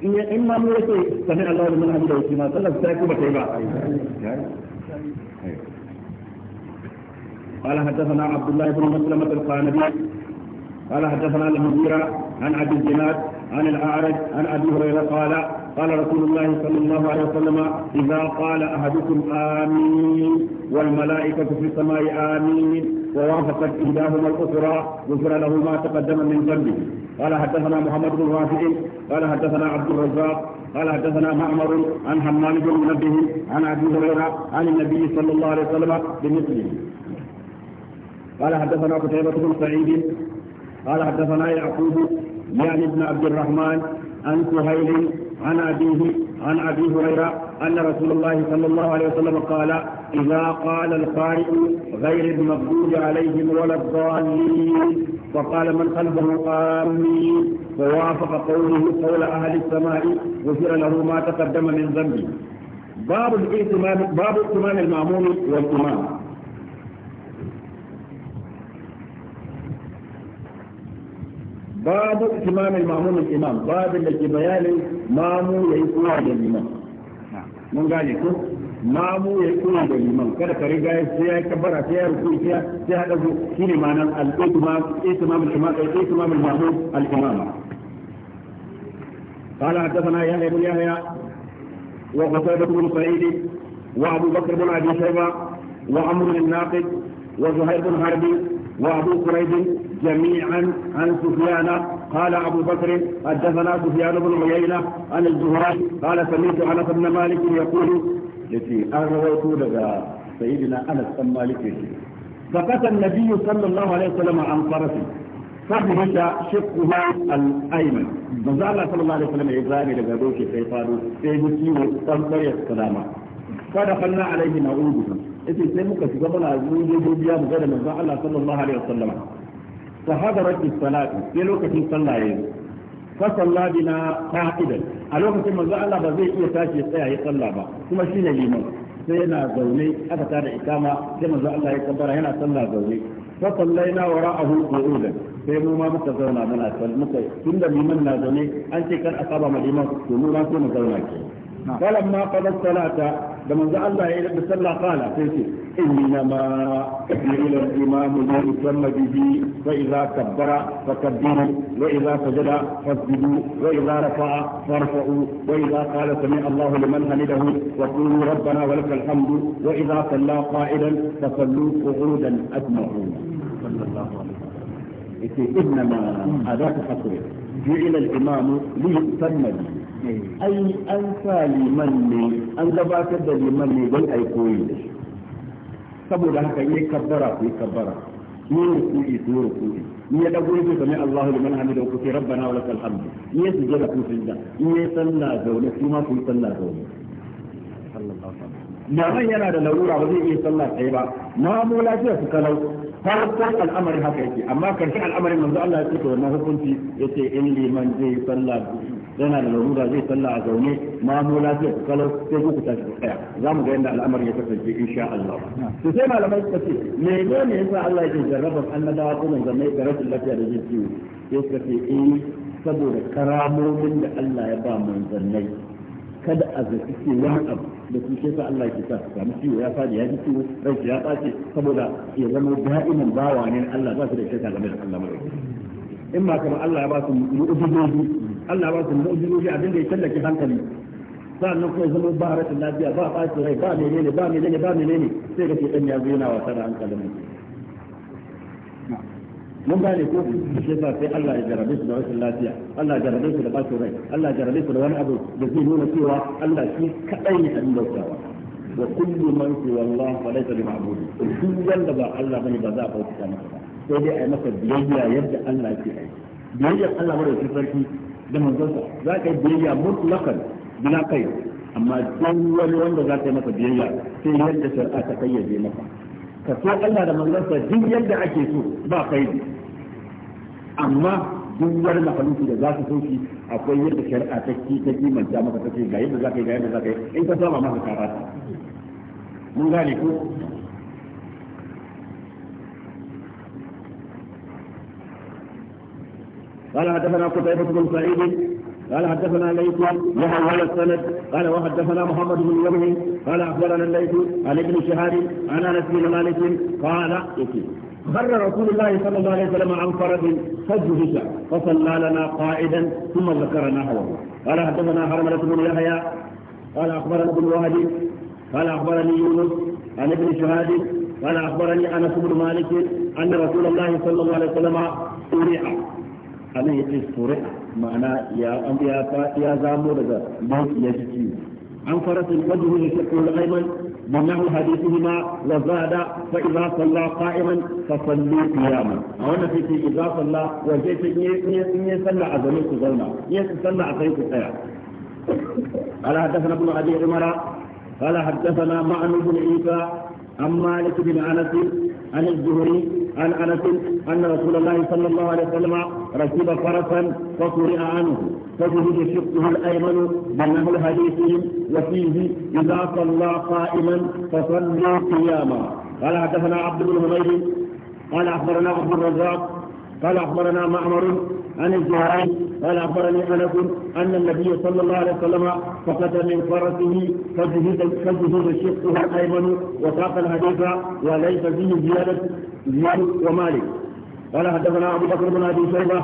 إن إما مرسي سمع الله من أبي دوسينا صلى الله عليه وسلم قال حدثنا عبد الله بن مسلمة القانبي قال حدثنا المزيرة عن عبد الجناد عن الأعرج عن أبي هريرة قال قال رسول الله صلى الله عليه وسلم إذا قال أحدكم آمين والملائكة في السماء آمين ووافقت إحداهما الأخرى غفر له ما تقدم من ذنبه قال حدثنا محمد بن رافع قال حدثنا عبد الرزاق قال حدثنا معمر عن حمام بن منبه عن أبي هريرة عن النبي صلى الله عليه وسلم بمثله قال حدثنا قتيبة بن سعيد قال حدثنا يعقوب يعني ابن عبد الرحمن عن سهيل عن أبيه عن أبي هريرة أن رسول الله صلى الله عليه وسلم قال إذا قال القارئ غير المغضوب عليهم ولا الضالين وقال من قلبه آمين ووافق قوله قول أهل السماء غفر له ما تقدم من ذنبه باب الإتمام باب الإتمام المأمون والإمام باب اتمام المامون الامام باب الذي بيان مامو يكون الامام من قال لكم مامو ya الامام كذا كريجا سيا كبر سيا sai سيا سيا هذا هو ruku ما sai الاتمام اتمام الامام اتمام المامون الامام قال حدثنا يحيى بن يحيى وقتادة بن سعيد وابو بكر بن ابي شيبه وعمر الناقد وزهير بن حربي وأبو كريب جميعا عن سفيان قال أبو بكر حدثنا سفيان بن عيينة عن الزهراني قال سمعت أنس بن مالك يقول التي أرويت لك سيدنا أنس بن مالك فقتل النبي صلى الله عليه وسلم عن فرسه فبهت شقها الأيمن مزال صلى الله عليه وسلم يزاني لك دوشي سيطانه سيدي سيدي سيدي fa da fanna alaihi na ubu yace sai muka shiga muna zuwa gobiya mu ga da manzon Allah sallallahu alaihi wasallam fa hadarat as-salat sai lokacin sallah yayi fa salla bina qa'idan a lokacin manzon Allah ba zai iya tashi ya tsaya ya sallah ba kuma shine liman sai yana zaune aka tada ikama sai manzon Allah ya kabbara yana sallah zaune fa sallaina wara'ahu qu'udan sai mu ma muka zauna muna sallah muka tunda liman na zaune an ce kar a saba ma liman to mu ma sai mu zauna ke نعم. فلما قضى الصلاة لما جاء الله إلى الصلاة قال إنما إلى الإمام ليسمى به فإذا كبر فكبروا وإذا سجد فاسجدوا وإذا رفع فارفعوا وإذا قال سمع الله لمن حمده وقولوا ربنا ولك الحمد وإذا صلى قائلا فصلوا قعودا أجمعون صلى الله عليه وسلم إنما هذا حصر جعل الإمام ليسمى به Eh. ai an sa liman ne an gabatar da liman ne don ai koyi da shi saboda haka yi kabbara ku yi kabbara ni ruku'i ku yi ni ya dago yake kamar Allahu liman hamida ku ce rabbana wa lakal hamd ni ya sujada ku sujada ni ya sallah zaune su ma ku yi sallah zaune sallallahu alaihi wasallam yana da larura ba zai iya sallah tsaye ba na mu lafiya su kalau farkon al'amarin haka yake amma karshen al'amarin manzo Allah ya ce to wannan hukunci yace in liman zai sallah yana da larura zai sallah a zaune ma mu lafiya ku kalau sai ku tashi ku tsaya za mu ga yadda al'amarin ya kasance insha Allah to sai malamai suka ce Me ne yasa Allah ya yake jarraban annabawa ko manzannai da rashin lafiya da jin ciwo sai suka ce eh saboda karamomin da Allah ya ba manzannai kada a zaci ce wani abu da su sa Allah ke sa samu ciwo ya fadi ya ji ciwo rai ya ɓace saboda ya zama da'iman bawa ne Allah ba su da shakka game da Allah mai in ma kamar Allah ya ba su mu'ujizoji Allah ba su mu'ujizoji abin da ya tallake hankali sannan kuma zama ba rashin lafiya ba ɓacin rai ba menene ba menene ba menene sai ka ce ɗan ya zo yana wasa da hankalin mutum mun gane ko shi yasa sai Allah ya jarabe su da rashin lafiya Allah ya jarabe su da bacin rai Allah ya jarabe su da wani abu da zai nuna cewa Allah shi kadai ne abin bautawa wa kullu man fi wallah fa laysa bi duk wanda ba Allah bane ba za a bauta masa sai dai a masa biyayya yadda Allah ke yi biyayya Allah shi sarki da manzonsa za ka yi biyayya mutlaqan bila kai amma duk wani wanda za ka yi masa biyayya sai yadda shari'a ta kayyade maka ka so Allah da manzansa duk yadda ake so ba kai amma duk wani mahaluki da za ka so shi akwai yadda shari'a ta ki ta kimanta maka ta ce ga yadda za ka yi ga yadda za ka yi in ka saba maka ka rasa mun gane ko قال حدثنا قتيبة بن سعيد قال حدثنا ليث وهو ولا السند قال وحدثنا محمد بن يمه قال اخبرنا الليث عن ابن شهاب عن انس بن مالك قال خر رسول الله صلى الله عليه وسلم عن فرد فجه فصلى لنا قائدا ثم ذكرنا هو قال حدثنا حرملة بن يحيى قال اخبرنا ابن وهب قال اخبرني يونس عن ابن شهاب قال اخبرني انس بن مالك ان رسول الله صلى الله عليه وسلم a nan yace sure ma'ana ya an ya ya zamo daga mauki ya ji an farasin wajhu ya shaqqu al-ayman wa nahu hadithihima wa zada fa idza salla qa'iman fa sallu qiyama a wannan sai idza salla wa zai ta in ya salla a zaman ku zauna ya salla a kai ku tsaya قال حدثنا ابن ابي عمر قال حدثنا معن بن عيسى عن مالك بن انس عن الزهري عن انس ان رسول الله صلى الله عليه وسلم ركب فرسا فقرئ عنه فشهد شقه الايمن بانه الحديث وفيه اذا صلى قائما فصلى قياما قال حدثنا عبد بن حميد قال اخبرنا عبد الرزاق قال اخبرنا معمر عن الزهراني قال اخبرني انس ان النبي صلى الله عليه وسلم فقد من فرسه فجهد فجهد شقه الايمن وساق الحديث وليس فيه زياده زياد ومالك قال حدثنا أبو بكر بن أبي شيبة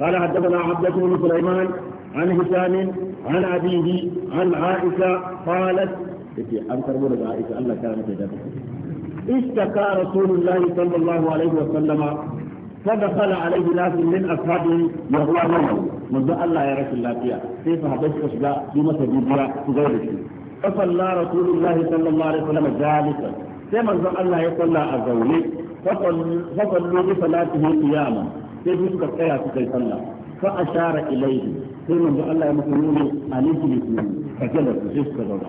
قال حدثنا عبد بن سليمان عن هشام عن أبيه عن عائشة قالت أن تربون عائشة الله كان في اشتكى رسول الله صلى الله عليه وسلم فدخل عليه ناس من أصحابه يغلبونه منذ الله يا رسول الله فيها كيف حدثت اشباع في مسجد في تزوجه فصلى رسول الله صلى الله عليه وسلم ذلك كما الله يصلى الزوجين fasallu bi salatihi qiyama sai duk suka tsaya suka yi sallah fa ashara ilayhi sai manzo Allah ya musu nuni alayhi bi ka jala su sai suka zauna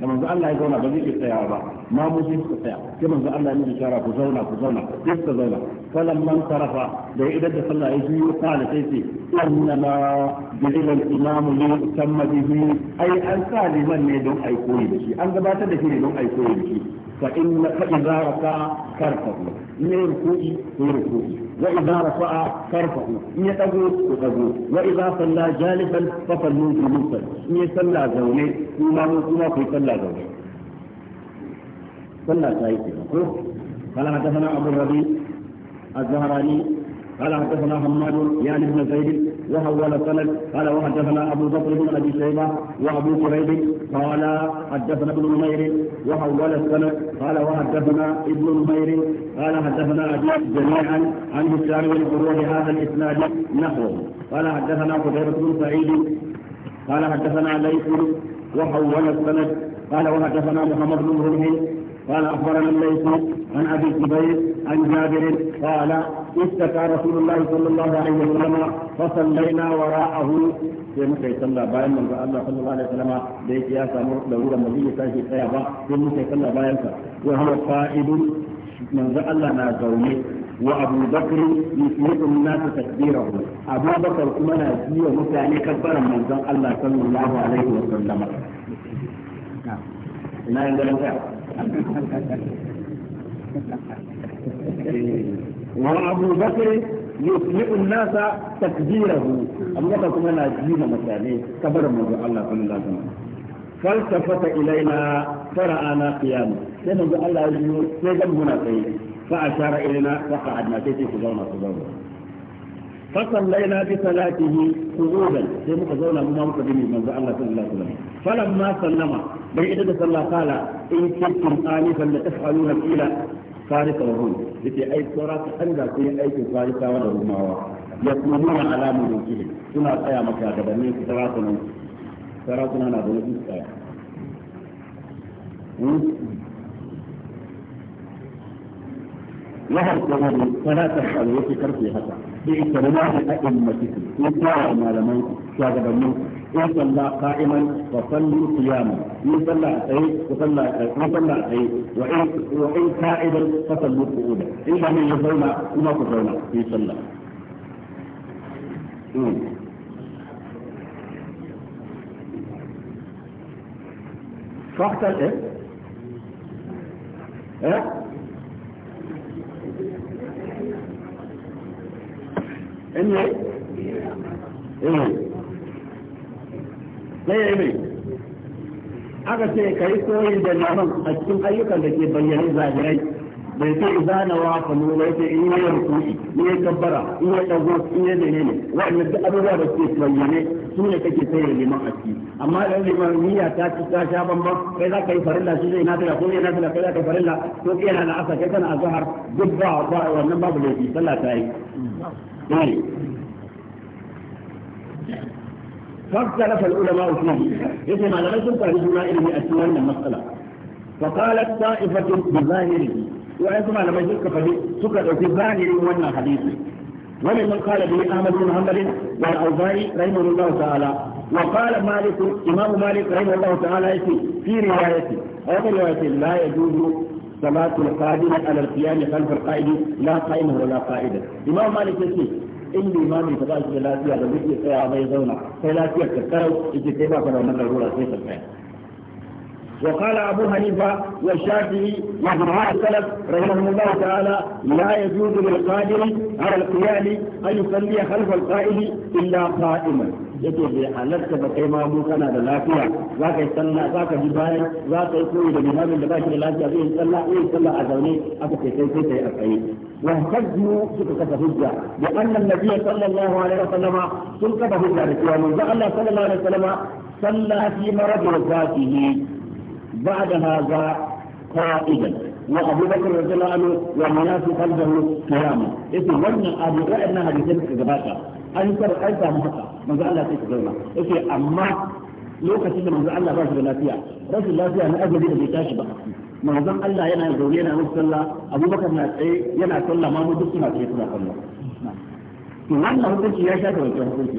da manzo Allah ya zauna ba zai tsaya ba ma mu sai suka tsaya sai manzo Allah ya nuna shara ku zauna ku zauna sai suka zauna falan man sarafa da idan da sallah ya yi kana sai sai inna ma jidil ai an saliman ne don koyi da shi an gabatar da shi ne don ai koyi da shi فإن فإذا رفع فارفعوا إن ركوعي ركوعي وإذا رفع فارفعوا إن يتقوا يتقوا وإذا صلى جالسا فصلوا جلوسا إن يصلى زوني إما إما في صلى زوني صلى سايسي قال حدثنا أبو الربيع الزهراني قال حدثنا حماد يعني ابن زيد وحول سند قال وحدثنا ابو بكر بن ابي شيبه وابو كريب قال حدثنا ابن نمير وحول السند قال وحدثنا ابن نمير قال حدثنا جميعا عن هشام بن هذا الاسناد نحوه قال حدثنا قتيبة بن سعيد قال حدثنا ليس وحول السند قال وحدثنا محمد بن مرهن قال اخبرنا الليث عن ابي الزبير عن جابر قال اشتكى رسول الله صلى الله عليه وسلم فصلينا وراءه sai muka yi sallah bayan manzo Allah sallallahu alaihi wasallam da yake ya samu larura ba zai tashi tsaya ba sai muka yi sallah bayan sa wa huwa manzo Allah na zaune wa Abu Bakr yusmi'u an-nas takbirahu Abu Bakr kuma na mutane kabbaran Allah sallallahu وابو بكر يطلق الناس تكبيره اما كما لا دين مثالي كبر ما الله كن لازم فالتفت الينا فرانا قيام لان الله يجي سيدنا هنا سيدي فاشار الينا فقعدنا سيدي في زونا في زونا فصلينا بصلاته قعودا سيدنا زونا بما مقدم من الله الله عليه وتعالى فلما سلم بيدك الله قال ان كنتم انفا لتفعلون الى farisa da hun yake ai saura ta an da ku yin aikin farisawa da rumawa ya kuma nuna alamun yanki suna tsaya maka gabanin su sarakunan sarakuna na da wani tsaya ya hmm? lahar kuma ne sanatar alwaki karfe haka sai ita rumawa da ɗin masu su ko tsara malaman shagabannin وصلى قائما وصلوا قياما من صلى أي وصلى وصلى أي وإن وإن قائدا فصلوا قعودا إن كان يصلى وما تصلون يصلى فاحتل ايه؟ ايه؟ ان ايه؟ ايه؟ sai ya yi mai aka ce ka yi koyi da naman a cikin ayyukan da ke bayyane zahirai bai ce na wa fanu ba ce in yi rukuni in yi kabbara in yi dago in yi ne waɗanda duk abubuwa da ke bayyane su ne kake sai da liman a ciki amma da liman niyya ta ci ta sha bamban kai za ka yi farilla shi zai nafila ko zai nafila kai za ka yi farilla ko kai na la'asa kai kana azhar duk ba wannan babu laifi sallah ta yi فاختلف العلماء فيه يجي ما لم يكن تعرفنا إليه أسوان المسألة فقالت طائفة بظاهره وعندما على ما يجب كفدي سكر في ظاهر وانا ومن وممن قال به أحمد بن محمد والأوزاعي رحمه الله تعالى وقال مالك إمام مالك رحمه الله تعالى في روايته أو روايته لا يجوز صلاة القادم على القيام خلف القائد لا قائمة ولا قائدة إمام مالك يقول in limami ba za shi da lafiya da zai iya tsaya mai zauna sai lafiya ta karau yake kai ba ka da wannan larura sai ka tsaya وقال أبو حنيفة والشافعي وجماعة السلف رحمهم الله تعالى لا يجوز للقادر على القيام أن يصلي خلف القائد إلا قائما yake bai halarta ba kai ma mu kana da lafiya za ka yi sallah za ka ji bayan za ka yi koyi da limamin da ba shi da lafiya zai yi sallah zai yi sallah a zaune aka ce kai sai kai a tsaye wa hajju suka kafa hujja da annan nabiyyi sallallahu alaihi wasallam sun kafa hujja da cewa manzo Allah sallallahu alaihi wasallam salla fi marad wafatihi ba'da hadha qa'idan وابو بكر رضي الله عنه ومناف قلبه قياما اسم ولنا ابو وان حديثين كذباتا an tar an samu haka manzo Allah sai ka zauna yake amma lokacin da manzo Allah ba shi da lafiya rashin lafiya na ajali da bai tashi ba manzon Allah yana zaune yana musu sallah Abubakar na tsaye yana sallah ma mu duk suna tsaye suna sallah to wannan hukunci ya shafe wancan hukunci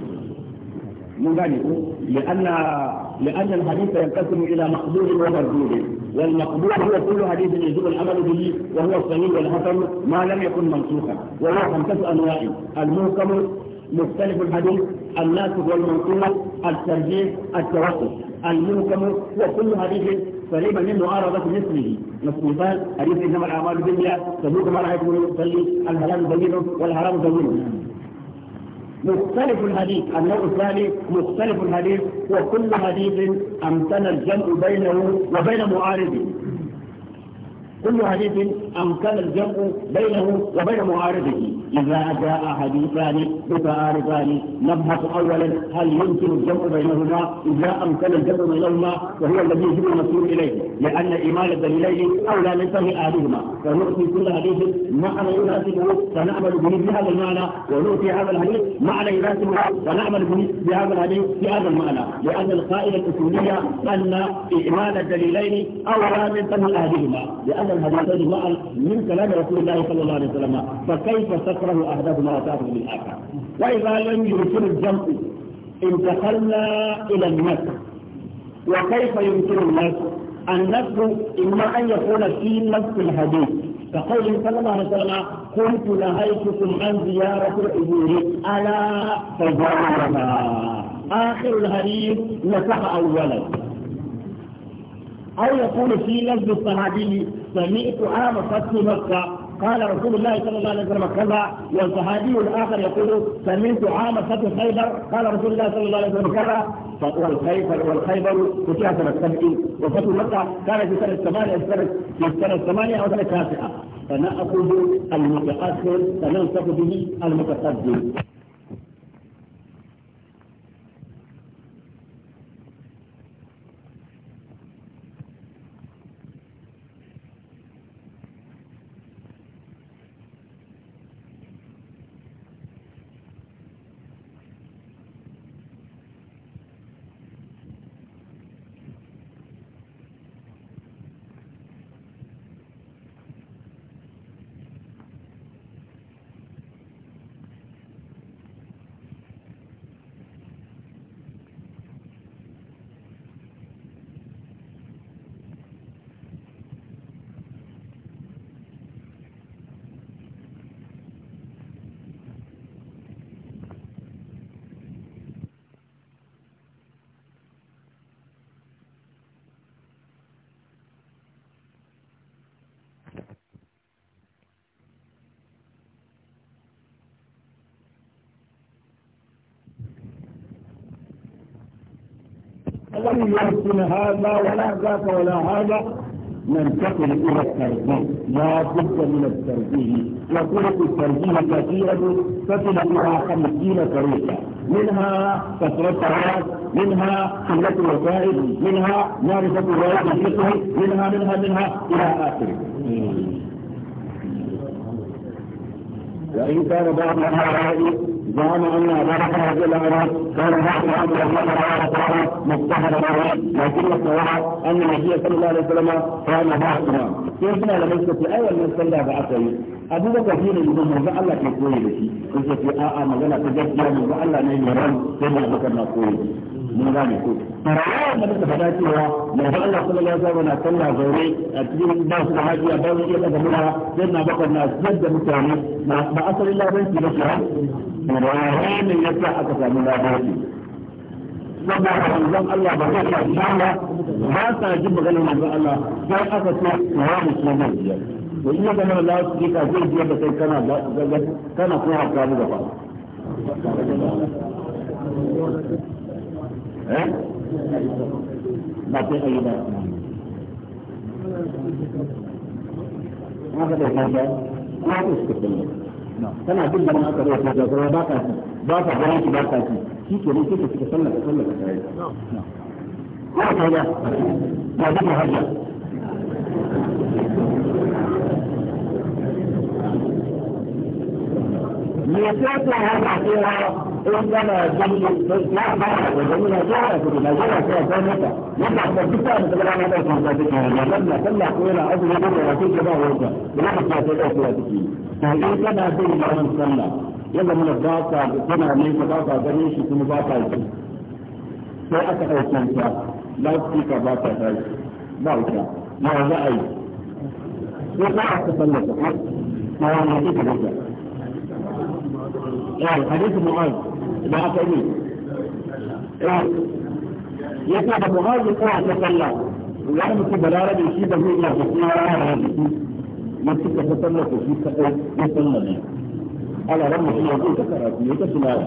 mun gane ko li'anna li'anna al-hadith yanqasimu ila maqdur wa mardud wal maqdur huwa kullu hadith yajib al-amal bihi wa huwa sahih wal hasan ma lam yakun mansukhan wa huwa khamsatu anwa'i al-muhkam مختلف الحديث الناسخ والمنصور الترجيح التوقف المنكم وكل حديث قريبا منه معارضة مثله مصنفان حديث انما الاعمال بالله تبوك ما رايت من يصلي الحلال بينه والحرام بينه مختلف الحديث النوع الثاني مختلف الحديث وكل حديث امكن الجمع بينه وبين معارضه كل حديث امكن الجمع بينه وبين معارضه إذا جاء حديثان متعارفان نبحث أولا هل يمكن الجمع بينهما إذا أمكن الجمع بينهما وهو الذي يجب المسؤول إليه لأن إيمان الدليلين أولى من فهم أهلهما فنؤتي كل حديث معنى يناسبه فنعمل به بهذا المعنى ونؤتي هذا الحديث معنى يناسبه فنعمل به بهذا الحديث بهذا المعنى لأن القاعدة الأصولية أن إيمان الدليلين أولى من فهم أهلهما لأن الحديثين معا من كلام رسول الله صلى الله عليه وسلم فكيف يكره أحدهما من بالآخر وإذا لم يمكن الجمع انتقلنا إلى النسل وكيف يمكن النسل النسل إما أن يكون في نفس الحديث كقول صلى الله عليه وسلم كنت نهيتكم عن زيارة القبور ألا فزارها آخر الحديث نسخ أولا أو يكون في لفظ الصحابي سمعت عام فتح مكة قال رسول الله صلى الله عليه وسلم كذا والصحابي الاخر يقول سمعت عام فتح خيبر قال رسول الله صلى الله عليه وسلم كذا والخيبر والخيبر فتح سنه سبع وفتح مكه كان في سنه ثمانيه سنه في سنه ثمانيه او سنه تاسعه فناخذ المتاخر فننصف به المتقدم لم يحسن هذا ولا ذاك ولا هذا ننتقل الى الترفيه لا بد من الترفيه وطرق الترفيه كثيره تصل الى خمسين طريقه منها كثرة الرأس منها قلة الوسائل منها معرفة الرأي الفقهي منها منها منها إلى آخره وإن كان بعض الآراء زعم ان ابا بكر رضي الله عنه كان نحن عبد الرحمن رواه تعالى مستهل رواه لكن الصراحه ان النبي صلى الله عليه وسلم كان باطلا لا ليس في اول من صلى بعثه ابو بكر فيه من مرضى الله في قوي به قلت في اه اه تجد يا مرضى الله نين يرون سيدنا ابو بكر مقوي mun gane ko farawa da rawa ne ya sa aka samu labari
saboda manzon Allah ba zai shafi Allah ba sa jin maganar manzon Allah sai aka ce rawa musulman
biyar to in ya zama da lawa su ka zai biyar da kai kana kana ko haka mu gaba eh ba sai ayi ba ما هذا الحاجة ما تستقبل kana bin bana aka rawa ta gaba ba ka ci ba ka ganin ki ba ka ci shi ke nan kika kika sallar sallar ka tayi ko ka ga ba duka hajja me ne. ta عندما جميل لا مرة وجميل جاء بما جاء في ذلك يضع بسيطة مثل ما نبقى في ذلك لما تلع قولا عزل مرة وفيك ما ورجع بلما تلع في ذلك فإن كان هذه مرة صلى يلا من الضاقة كنا من الضاقة جميل شكو مضاقة فأتى أوسنسا لا تلك ضاقة ذلك ضاقة ما هذا أي وقع التسلسل ما هو نتيجة
الحديث معاذ ba a kai yasa
da muhajir ko a sallah wani mutum balarabe shi da zai iya da kuma rana da jiki na suka ta sallah ko shi kaɗai ya sallah ne ala ran mutum ya zai ta karatu ya ta tilawa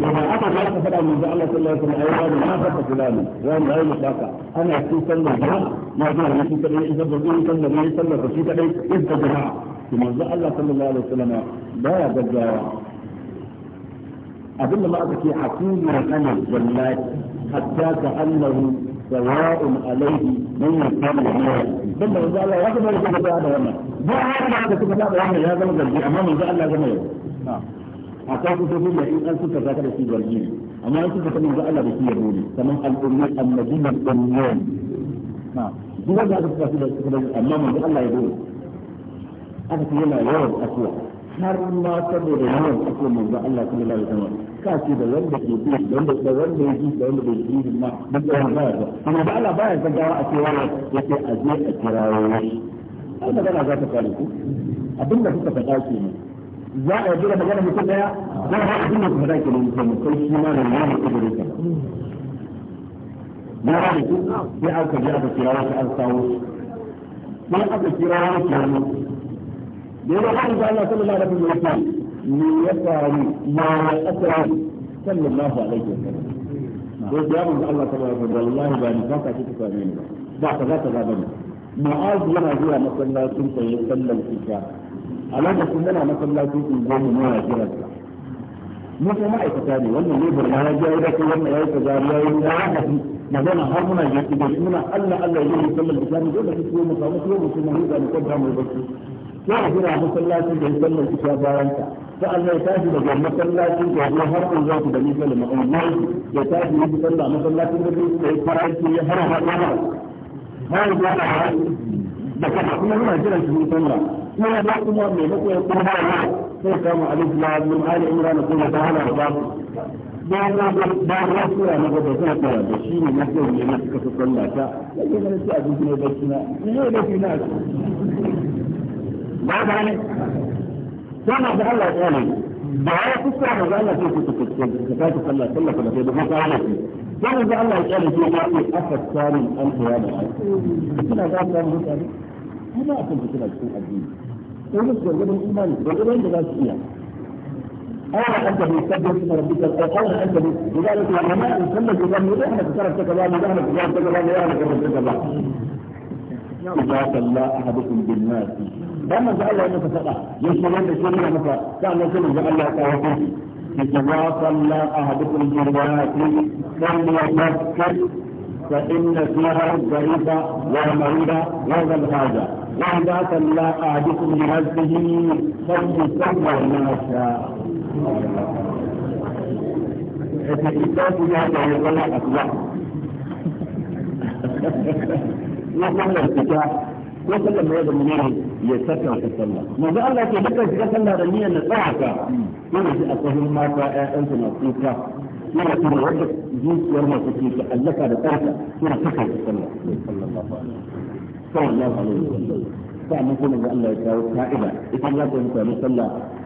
ba aka za ka faɗa mun da Allah sallallahu alaihi wasallam ayyuka na fata fulani wani ayi musaka ana cikin sallah ba ma zai na cikin sallah idan ba zai sallah ne sallah ko shi kaɗai ya ta jama'a kuma manzo Allah sallallahu alaihi wasallam ba ya gaggawa أبن الله أبكي حكيم أنا الجلاد حتى كأنه سواء عليه من يقام بل لو قال يا رب ما يقول هذا وما ما هذا كما هذا وما يا زلمه ذلك امام الله زلمه نعم akwai kusurfin da in an suka zaka da su zargi ne amma an suka sanin ga Allah da su yabo ne kamar al'ummi annabiyyan ummiyan duk wanda aka suka da suka da amma manzo Allah ya dole aka ce yana yawan asuwa har ma saboda yawan asuwa manzo Allah sallallahu alaihi wasallam ka ce da wanda ke bi wanda da wanda ya ji da wanda bai ji ma duk da wanda ya amma da Allah baya gaggawa a cewa yake a je a kirawo shi ai magana za ta kare ku abinda kuka faɗa ke ne za a yi magana mutum daya za a yi abinda faɗa ke ne mutum kai shi ma da yana kudurin ka na rabu ku sai aka je aka kirawo shi an kawo shi sai aka kirawo shi hannu da yana da Allah sallallahu alaihi wa sallam me ya faru ma ya aka sallallahu alaihi wasallam ko ya manzo Allah tabaraka wa wallahi ba ni fata ki ta ne ba ka za ta ba ne ma'az yana zuwa masallacin sa ya sallar isha a lokacin yana masallacin in goma ne ya jira mu kuma ma'aikata ne wannan ne burna ya ji da kai wannan yayi kaza yayi da haka magana har muna yi da muna Allah Allah ya yi sallar isha ne dole ki mu samu ko mu kuma mu da mu kwanta mu barci sai jira masallacin da ya sallar isha bayan ta sa'an ya tashi daga masallacin da ya har kun zai da nisa da ma'amman ya tashi ya sallah masallacin da ya yi faranci ya har har har har ya har da kafa kuma yana jiran shi sallah kuma ya ba kuma mai mako ya kuma har har sai kama alif la min ali imran ko ya ta hala da ba bayan na ga bayan na tura na gaba sai ta da shi ne na sai ne na suka sallah ta sai ne sai a duk ne bacci na ne ne da fina ba ba ne sama da Allah ya ne ba ya kusa da Allah ke kusa kusa da ta sallah sallah da ba ka ana shi dan da Allah ya ne shi ma ne afasarin an ya da kina ga ka mu mutane kuma a kan kina cikin addini ko mu gurgurdan imani gurgurdan da za su iya أولا أنت بيستبدل اسم ربك أولا أنت بذلك لما يسمى الجبال يدعنا بسرعة كبار يدعنا بسرعة كبار يدعنا بسرعة كبار إذا صلى أحدكم بالناس لما manzo Allah ya maka fada ya shi wanda shi ne maka sannan sai manzo Allah ya kawo kanki إذا صلى أحدكم الجماعة فليذكر فإن فيها الضعيف والمريض وذا الحاجة وإذا صلى أحدكم بنفسه فليصلى ما شاء.
الإسلام فيها ضعيف ولا أكبر.
وصلى الفتاة وصلى مريض المنير ya saka ta sallah manzo Allah ke duka shiga sallah da niyyar na tsaka yana ji a sahun mata ƴaƴan su na kuka yana kuma wanda zuciyar masu ke ta allaka da tsaka yana saka ta sallah sallallahu alaihi wasallam sai mun kuma Allah ya kawo ka'ida idan za ka yi sallah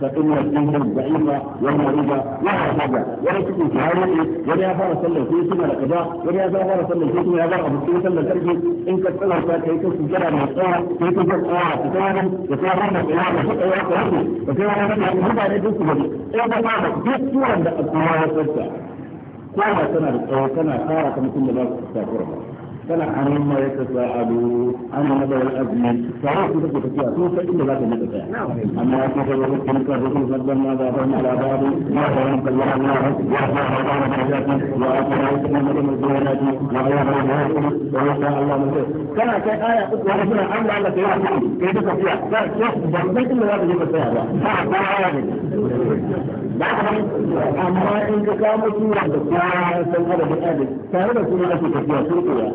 فإن الجنة ضعيفة والمريضة وهكذا ولا تكون في هذه ولا فار صلى في سنة القضاء ولا فار صلى في سنة القضاء في سنة الفرج إن كنت صلى تكون جرى من الصلاة كيف تجرى تتعلم وصار ربنا إلى الحق ويأخذ وكان ربنا هذا لا تسمى إذا ما بكيت سورة القضاء والسلسة كما سنة القضاء سنة خارة مثل ما تذكرها kana an ma ya tasa ado an ma da azmi sai ku da tafiya to sai inda za ka mutu tsaya amma ko ka ga kun ka ga kun sabban ma da ban ala ba da ma da ran ka ya na ya ba ba ba da ya ta wa ka ga kun da mun da ya ji wa ya ba ba da ya ta Allah mun kana kai aya uku wani suna Allah Allah ta yi kai da tafiya ka ce ban san inda za ka je ka tsaya ba ba ba ya ne amma in ka kama sura da kowa san adadin adadin tare da suna ake tafiya sun koya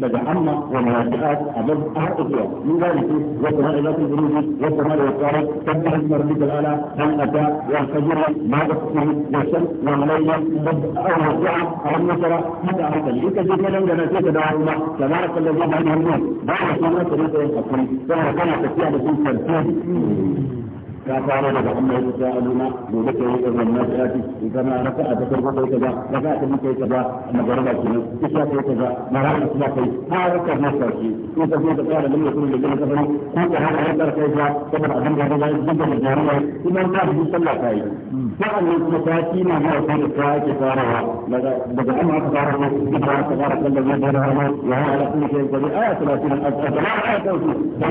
daga amma wa maraji'at abin har ukiya min zaliki wa sama'a ta zunubi wa sama'a da wasara tabbata isma rabbika al'ala hal ata wa sajira ma da kusuhu wa shan wa malayya wa marji'a alam nasara haka haka ne ka je ka dangana sai ka dawo ba kamar ka da zama hannun ba ka sanar da yin hakuri sai ka kana tafiya da sun sarki ka fara daga Allah ya sa aluna gobe kai da wannan sati idan na raka a takar kai kaza raka a takar kai kaza magarba ke nan isha kai kaza marana kuma kai har ka na sarki ko ka zo ka fara da mutum da gina kafani ko ka hada har kai ka saboda abin da zai yi da jarawa kuma ka bi sallah kai sa'an nan kuma ta kima ma ka da ka ke farawa daga daga amma ka fara ne ka fara ka fara sallah ne da rawa ya ala kulli shay'in qadir ayatu 30 al-azhar ayatu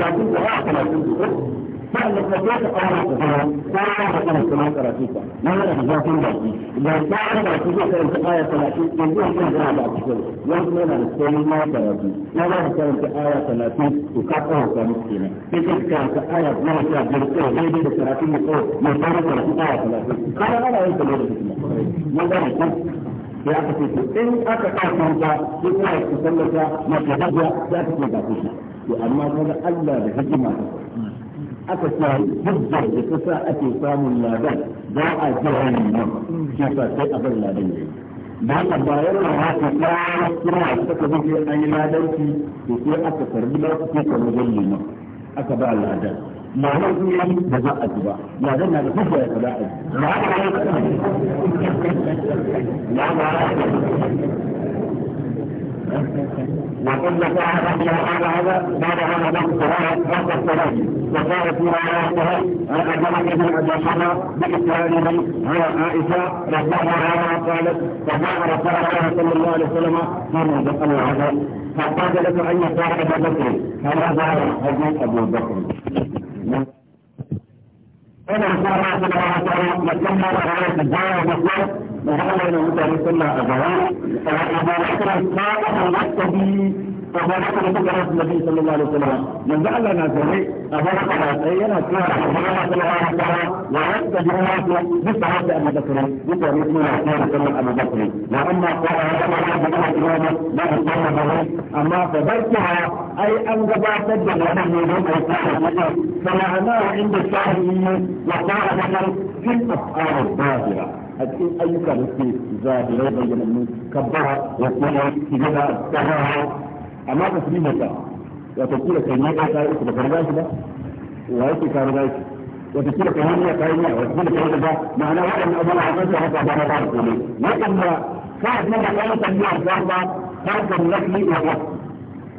30 30
30 فعلا تجد قرار القرآن
aka ce in aka ɗauka ta ko kuma ya kusallata mata hajja za ta ce ga kusa to amma kaga Allah da hikima aka samu hujjar da ta sa ake samun ladan za a jira ne nan shi sa sai a bar ladan ne da haka bayan na haka ta kira da suka zuke an yi ladanci to sai aka karbi da su suka wajen ne nan aka ba ladan ma'anar sun yi da za a ji ba ladan na da hujja ya za a ji ba haka ba ya ba
لكن لك رضي الله عنه هذا بعد هذا بعد الصلاة بعد الصلاة وقال في رواياتها لقد جمع ابن ابي حمى باسرائيل على عائشة رضي الله عنها قالت فجاء رسول الله صلى الله عليه وسلم فيما دخل هذا فقال لك ان يصار ابا بكر فماذا حديث ابو بكر أنا أقول الله تعالى لما رأيت الدعوة والمسلم da hana yana mutane sallah a gaba amma da kuma ta halatta bi amma da kuma ta rasul nabi
sallallahu alaihi wasallam manzo Allah na zaune a bara da sai yana cewa Allah sallallahu alaihi wasallam wa hatta jannatu bi sahaba amma da kuma mutane suna tsaya sallah amma da kuma la amma qala hada ma da kuma da kuma da amma fa barkaha ai an gabatar da wannan ne don ai sallah sana'ana inda shafi'i wa qala hada fil afkar al-zahira a cikin ayyuka da suke zahirai bayyanannu kabbara wa kuma kibira tsara amma ka fi mata wato kila kai ne ka kai ku da karga shi ba wa yake ka riga shi wato kila kai ne ka kai ne wato kila kai da ma'ana wannan abin da aka haka ba ba ko ne wannan ka ne da kana tambaya ba ba ka nafsi wa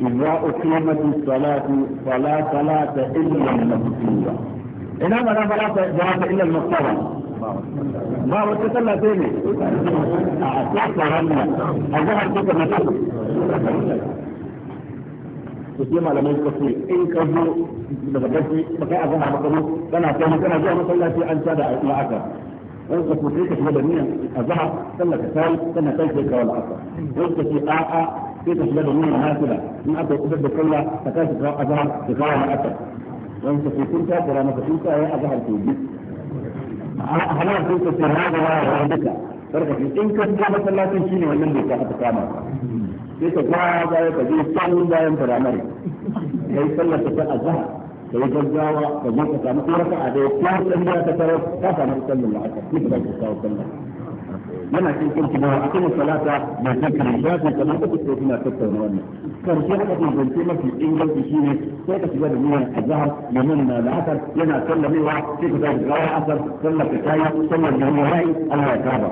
إذا أقيمت الصلاة فلا صلاة إلا المكتوبة إلا ما لا صلاة جهاز إلا المكتوبة ما هو تسلى تاني أعطيك رمنا أجهر تلك المكتوبة تسلم على ميت قصير إن كذو بغدتي بقى أظن على قبول كان أعطيه كان أجهر مصلى في أن تدع إطلاعك أن قصير تسلى بنيا أظهر تلك ثالث كان تلك الكوالعك أن تسلى sai ka shiga da nuna nafila in aka yi kubar da sallah ka tashi ka azhar ka kawo na asar wani ka kun ta kura maka sun ta yi azhar ke bi halar sun ka tsara da waya wa duka sarka in ka ga masallacin shine wannan bai ka kama sai ka ga ga ka je can bayan firamare kai sallar ta azhar da ya gaggawa ka zo ka samu ko raka'a da ya kwanta inda ka tarar ka samu sallar la'asar kika kawo sallar
yana cin kirki da a cikin salata da zikiri da
su kana uku ko suna tattauna wannan karshe aka ce zance mafi inganci shine sai ka shiga da niyyar azhar da nan na la'asar yana sallamewa sai ka zaka gawa asar sallar ka tayi sallar da yayi Allah ya kaba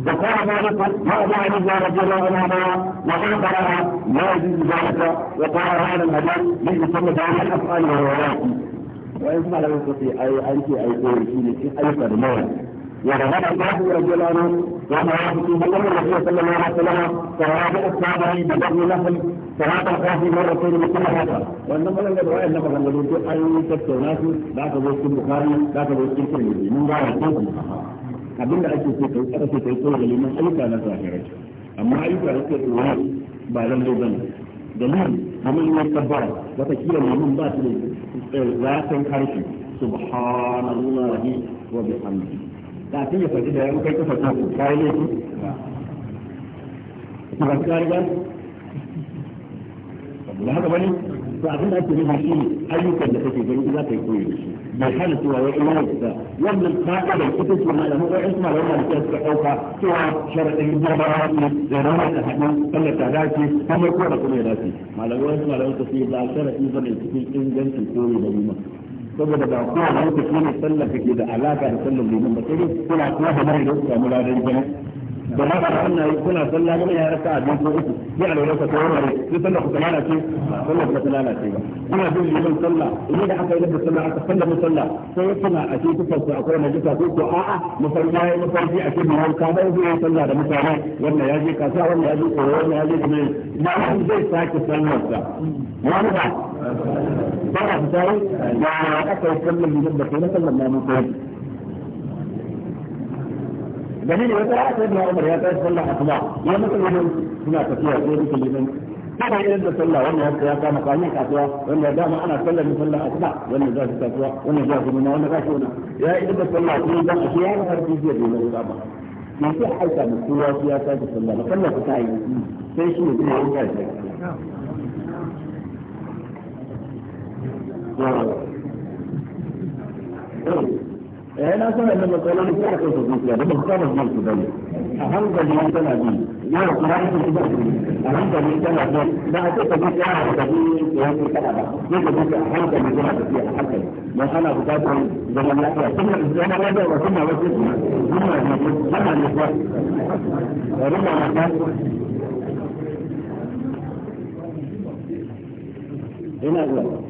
ذكر مالك هذا عن ابن رضي الله عنهما وقال قراها لا يجوز ذلك وقال هذا الهدف من يصمد على الافعال والرواتب ويسمع له يستطيع اي انت اي قول شيء اي قدمان ورغب الله رجل عنه وما في بلغ النبي صلى الله عليه وسلم فراغ اصحابه ببغض نفل صلاة الخوف من رسول الله كل هذا وانما لم يدعو الا فقد ولدت اي تكتونات لا تبوس البخاري لا تبوس الترمذي من دار الخوف abinda ake so kai kada kai so da liman ayyuka na zahirai amma ayyuka da suke wani ba zan dai bane dalil kamar yin tabbara wata kila mun ba su da zafin harshe subhanallahi wa bihamdihi da tun ya faɗi da ya muka kafa ta kai ne ki ba ka riga da haka bane to abin da ake nufi shi ayyukan da kake gani za ka yi koyi da shi bai hana cewa wai ina ne da wannan ka'ida ita ce malamu ko in malamu da suka suka dauka cewa sharadin jabara ne da rawa da hadu sallar ta dace kamar ko da kuma ya dace malamu wasu malamu ta ce ba sharadin bane cikin ingancin koyi da mu saboda ba ko wani lokaci ne sallar ke da alaka da sallar limin ba sai dai kuna kuma da mara da su samu ladan jama'a ba ma ka kuna kuna sallah ba ya raka abin ko uku ya alwala ka tsawon mare sai sallah ku salala ce sallah ku salala ce ba ina bin liman sallah idan da aka yi da sallah aka sallah mu sallah sai ya tuna a cikin kuka su akwai majalisa ko ko a'a musalma ya musalci a cikin mahauka ba ya yi sallah da mutane wannan ya je kasuwa wannan ya je koyo wannan ya je kuma ma'ana zai sake sallarsa wani ba ba a fitari ya aka yi sallah da ba sai na sallah ma mun koyi dalili wata ya sai da Umar ya tsaya sallah asuba ya mutu wannan suna tafiya ko duka liman kada irin da sallah wannan ya ya kama kwanin kasuwa wannan dama ana sallar ni sallah asuba wannan za su kasuwa wannan za su nuna wannan za su nuna ya idan da sallah ko dan a ya har ji da liman ba ba sai aika da kowa ya sai sallah ba sallah ta yi sai shi ne kuma ya sai Yeah. ai na san annabi sallallahu alaihi wasallam ko zuciya da ba ta ba su bane a hankali tana bi ya Qur'ani ko ba a hankali tana bi da ake ta zuciya da bi ya ce kana ba ne ko zuciya a hankali tana da a hankali dan ana bukatar zaman lafiya kuma zaman lafiya ba kuma wasu kuma ne kuma ne ba ruba mata ina zuwa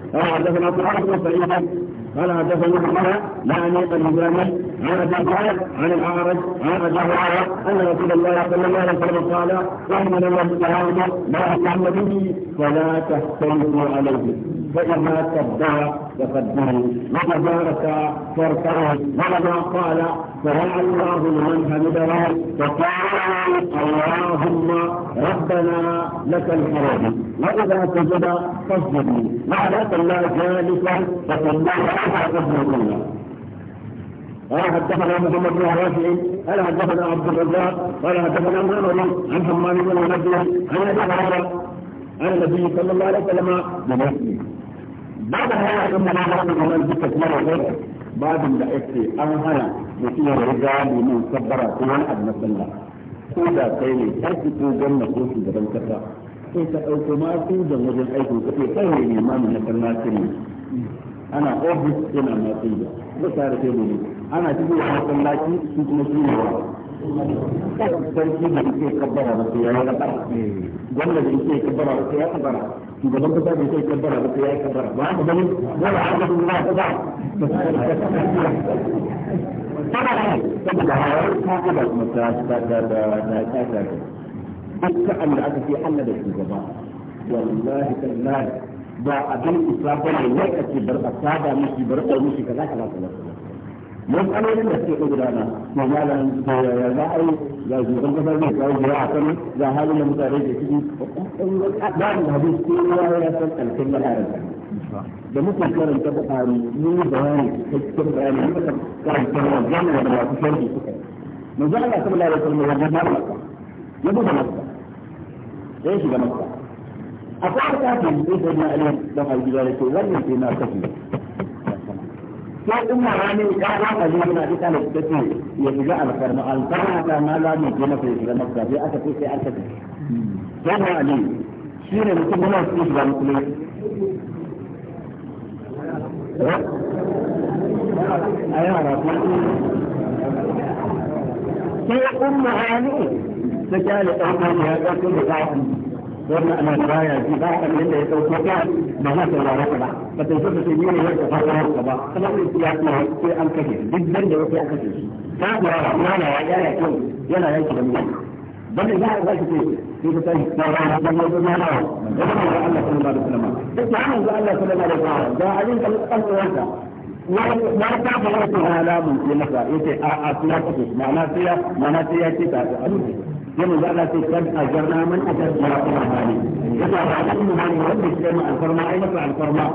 قال حدثنا طلحه بن سعيد قال حدثنا محمد لا انيق الهزامي عن ابي طالب عن الاعرج عن ابي هريره ان رسول الله صلى الله عليه وسلم قال فمن الله تعالى لا اهتم به فلا تهتموا عليه فاذا كبر تقدموا، وإذا بارك فارتعوا وإذا قال فرأى الله لمن حمده فقال اللهم ربنا لك الحمد واذا سجد فاسجدوا معنى الله جالسا فصلى ركعه فاسجد الله قال حدثنا محمد بن راشد قال حدثنا عبد الرزاق قال حدثنا محمد عن حمام بن عن ابي هريره عن النبي صلى الله عليه وسلم بعد هذا ان الله عز وجل بكت babin da ake an hana mutum ya riga liman sabbara ko wani abu na sallah ko da kai ne karki ko gwamna ko shugaban kasa sai ka ɗauko su da wajen aiki ka sai kawai ne ma na sallah ne ana ofis yana masu da ba tare da ne ana cikin masallaci su kuma su ne sarki da ke kabbara ba sai ya yi kabbara gwamna da ke kabbara ba sai ya kabbara shugaban kasa da ke kabbara ba sai ya yi kabbara ba haka bane wala haka sun ba ta ba saboda hayar ta kada kuma ta ta ta ta ta dukkan da aka ce Allah da shugaba wallahi tallahi ba abin isa bane wai kace bar a sada miki bar a miki kaza kaza kaza matsalolin da suke gudana ma malam da ya za a yi da shugaban kasar zai kawo jira a kano da halin da mutane da ciki ba
mu da hadis
ko ya ya san alkin da harin da muke karanta bukari mun bayani cikakken bayani muka karanta zama da masu sharhi suka mu za Allah sallallahu da zama da gaba maka ya gaba maka ya shiga maka akwai kafin sai da Ali da al wannan sai na kafi ko in na rani ya ba ka zuwa na duka da kuke ce ya shiga alfarma alfarma ta na za mu je masa ya shiga makka sai aka ce sai aka ce dan ali shi ne mutum yana cikin shiga musulunci a yara ko sai umma ali ta kyale ɗan ya ɗauko da kafin wannan ana baya ji ba a yadda ya dauko ta ba za ta rara ba ba ta zama sai ne ya ta fara ka ba kuma ne ya ta sai an kashe duk dan da yake aka kashe shi ta fara mana ya ya ya kyau yana yake da mu bane za a zaki ce sai ta tashi ta rana dan wani mana da kuma Allah sallallahu alaihi wasallam da ta hanu da Allah sallallahu alaihi wasallam da alin kan kanka na ta fara ta halamu ke masa yace a a suna kace ma'ana sai ya ma'ana sai ya ce ta a yana za ka sai kan a jarna man a kan tsara kuma bani kasa ba a cikin muhalli wanda ke ma alfarma ai masa alfarma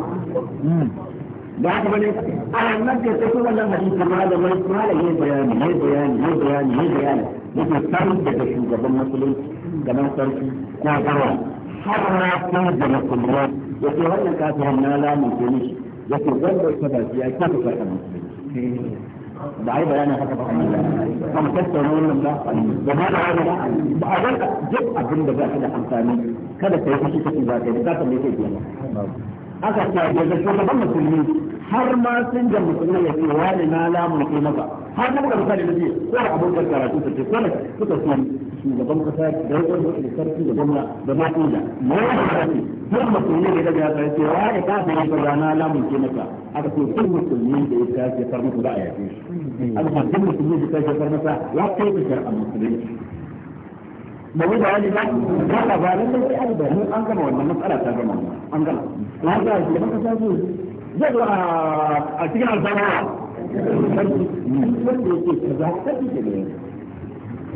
da haka bane a nan da sai kuma nan hadisi malamai malamai bayani ne bayani ne bayani ne bayani yake san daga shugaban musulunci gaban sarki ko garwa har na kuma da musulmai yake wannan kafirin na lamun ke mishi yake wanda ta baki ya kafa kan musulunci da ai bayani haka ba kuma tattauna wannan ba da ma da wani ba a ranka duk abin da ba shi da amfani kada ka yi fushi kake za ka yi bukatar da yake biya aka tafiye da shugaban musulmi har ma sun ga musulmi ya ce wani na lamun ke maza har da muka misali nace ko da abokan karatu ta ce ko da suka san shugaban kasa da rikon da sarki da gwamna da ma inda ma ya ce har musulmi ne daga ya ce wani ka fi ba da na lamun ke maza aka ce duk musulmi da ya tashi ya far musu da a yafe shi aka ce duk musulmi da ya tashi ya far masa ya kai da shar'an musulmi ba mu da wani ba ba ka ba nan sai an da mun an gama wannan matsala ta gama an gama na ga shi da kasa su zai ga a cikin alfara wanda yake kaza kaji da ne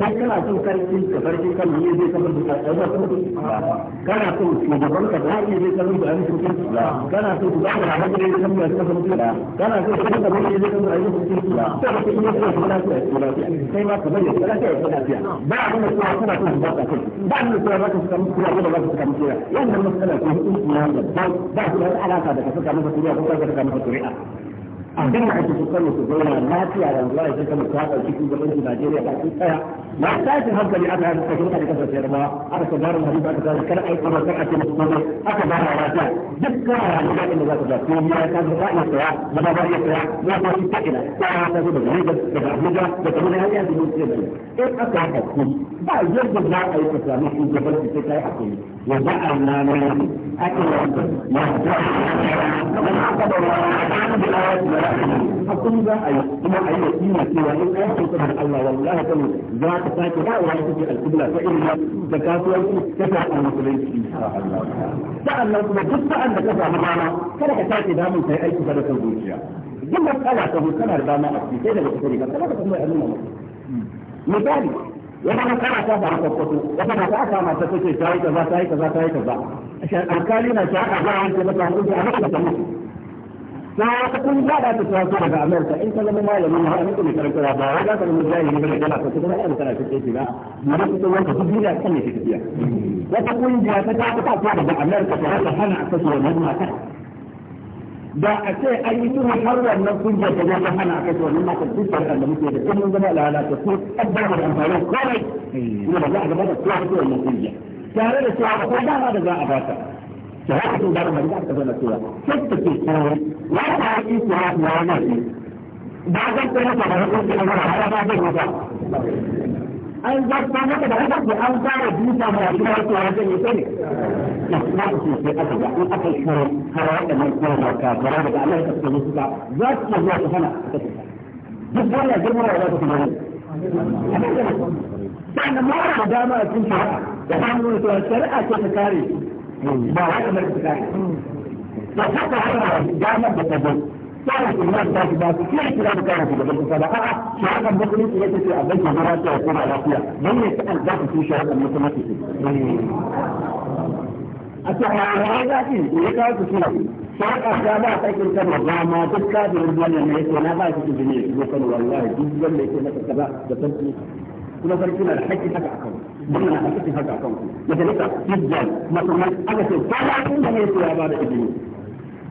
dan kana son karfi ka farki kan ne zai kamar da kai ba kana son shugaban ka da ne zai kamar da an shirki kana son ku da hakan zai kamar da kan mutum kana son ku da ban zai kamar da an shirki sai ka yi da kana son sai ma kamar da kana son lafiya ba abin da kuma kana son ba ka kai ba abin da kuma ka suka mutu ba ba ka suka mutu wannan matsala ce hukunci ne wanda ba su da alaka da ka suka masa kuriya ko ka suka masa kuriya abin da ake so kano su zauna lafiya da zuwa ya kama ta ɗauki shugabancin Najeriya ba su tsaya ما احتاج الهبل لأبها التجربة لكثرة الرضا هذا كبار الحديث أنا كبار الكلام أي قبل سرعة مصطفى أكبر الرجاء ذكر لما إن ذات ذات يوم لا كان رأي السرعة لما رأي السرعة لا تأتي تكلا لا تأتي بالغيبة بالغيبة بتقول هذه هذه المسلمة إيه أكبر بعد يرجع لا أي إسلام في جبل في سكاي أكون وجعلنا من أكل ما من عقد وعن ما اكل أكون ذا أي ثم ما اكل سوى إن أي الله ما اكل ذا ka sake dawowa da kuke alkubla ta illa da kasuwanci ta ta a musulunci sa'annan kuma duk sa'an da ka samu dama kada ka sake damun kai aiki da kan zuciya duk matsala ta mutum tana da dama a ciki sai da ba ka sani ba kada ka kuma yanzu misali wata matsala ta samu kwakwato wata mata aka mata ta ce ta yi kaza ta yi kaza ta yi kaza alkali na shaka za a yanke mata hukunci a mata ta mutu na wata kun ba da ta taso daga Amerika in ka zama malami na hannun kuma karanta ba wai za ka zama jahili ne kana ko kuma ana kana cikin shi na mun fito wanka duk duniya kan ne tafiya wata kungiya ta ta ta taso daga Amerika ta hana hana a kasu wannan mata da a ce an yi tuni har wannan kungiyar ta zama hana a kasu wannan mata duk da muke da kuma zama lalata ko kaddara da amfani kawai kuma ba za a gaba da kowa ta wannan kungiya tare da cewa akwai dama da za a bata ta haka sun da ba da aka zama cewa sai ta ke kawai لا تعيشها يومين بعد كده تبقى كده على بعد كده an zarta maka da haka ko an fara duka ma shi har ko haka ne sai na kuma su sai aka ga an aka shiro har wanda mai kuma da ka fara da Allah ka tsare su ka za su zo ka hana duk wannan girma da zaka kuma ne sannan ma da dama a cikin shari'a da hannun to shari'a ce ta kare ba haka mai ta kare ما حتى على الجامعة بتجول كانت الناس ذات ذات كل كلام كان في قبل المسابقة شعب المسلم ليس في أبيت مرات يكون عراقية من يسأل ذات في شعب المسلم التحريرات يقال تسمعي شرق أسابات أكل كم رضاما تبكى برضوان الميت ولا بايت تجنيه يقول والله جدا ليس لك السباة تبكي kuma farki na da haƙƙi haka a kan wannan na haƙƙi haka a kan ku majalisa hijjan masu mai aka ce kwana inda mai ya ba da izini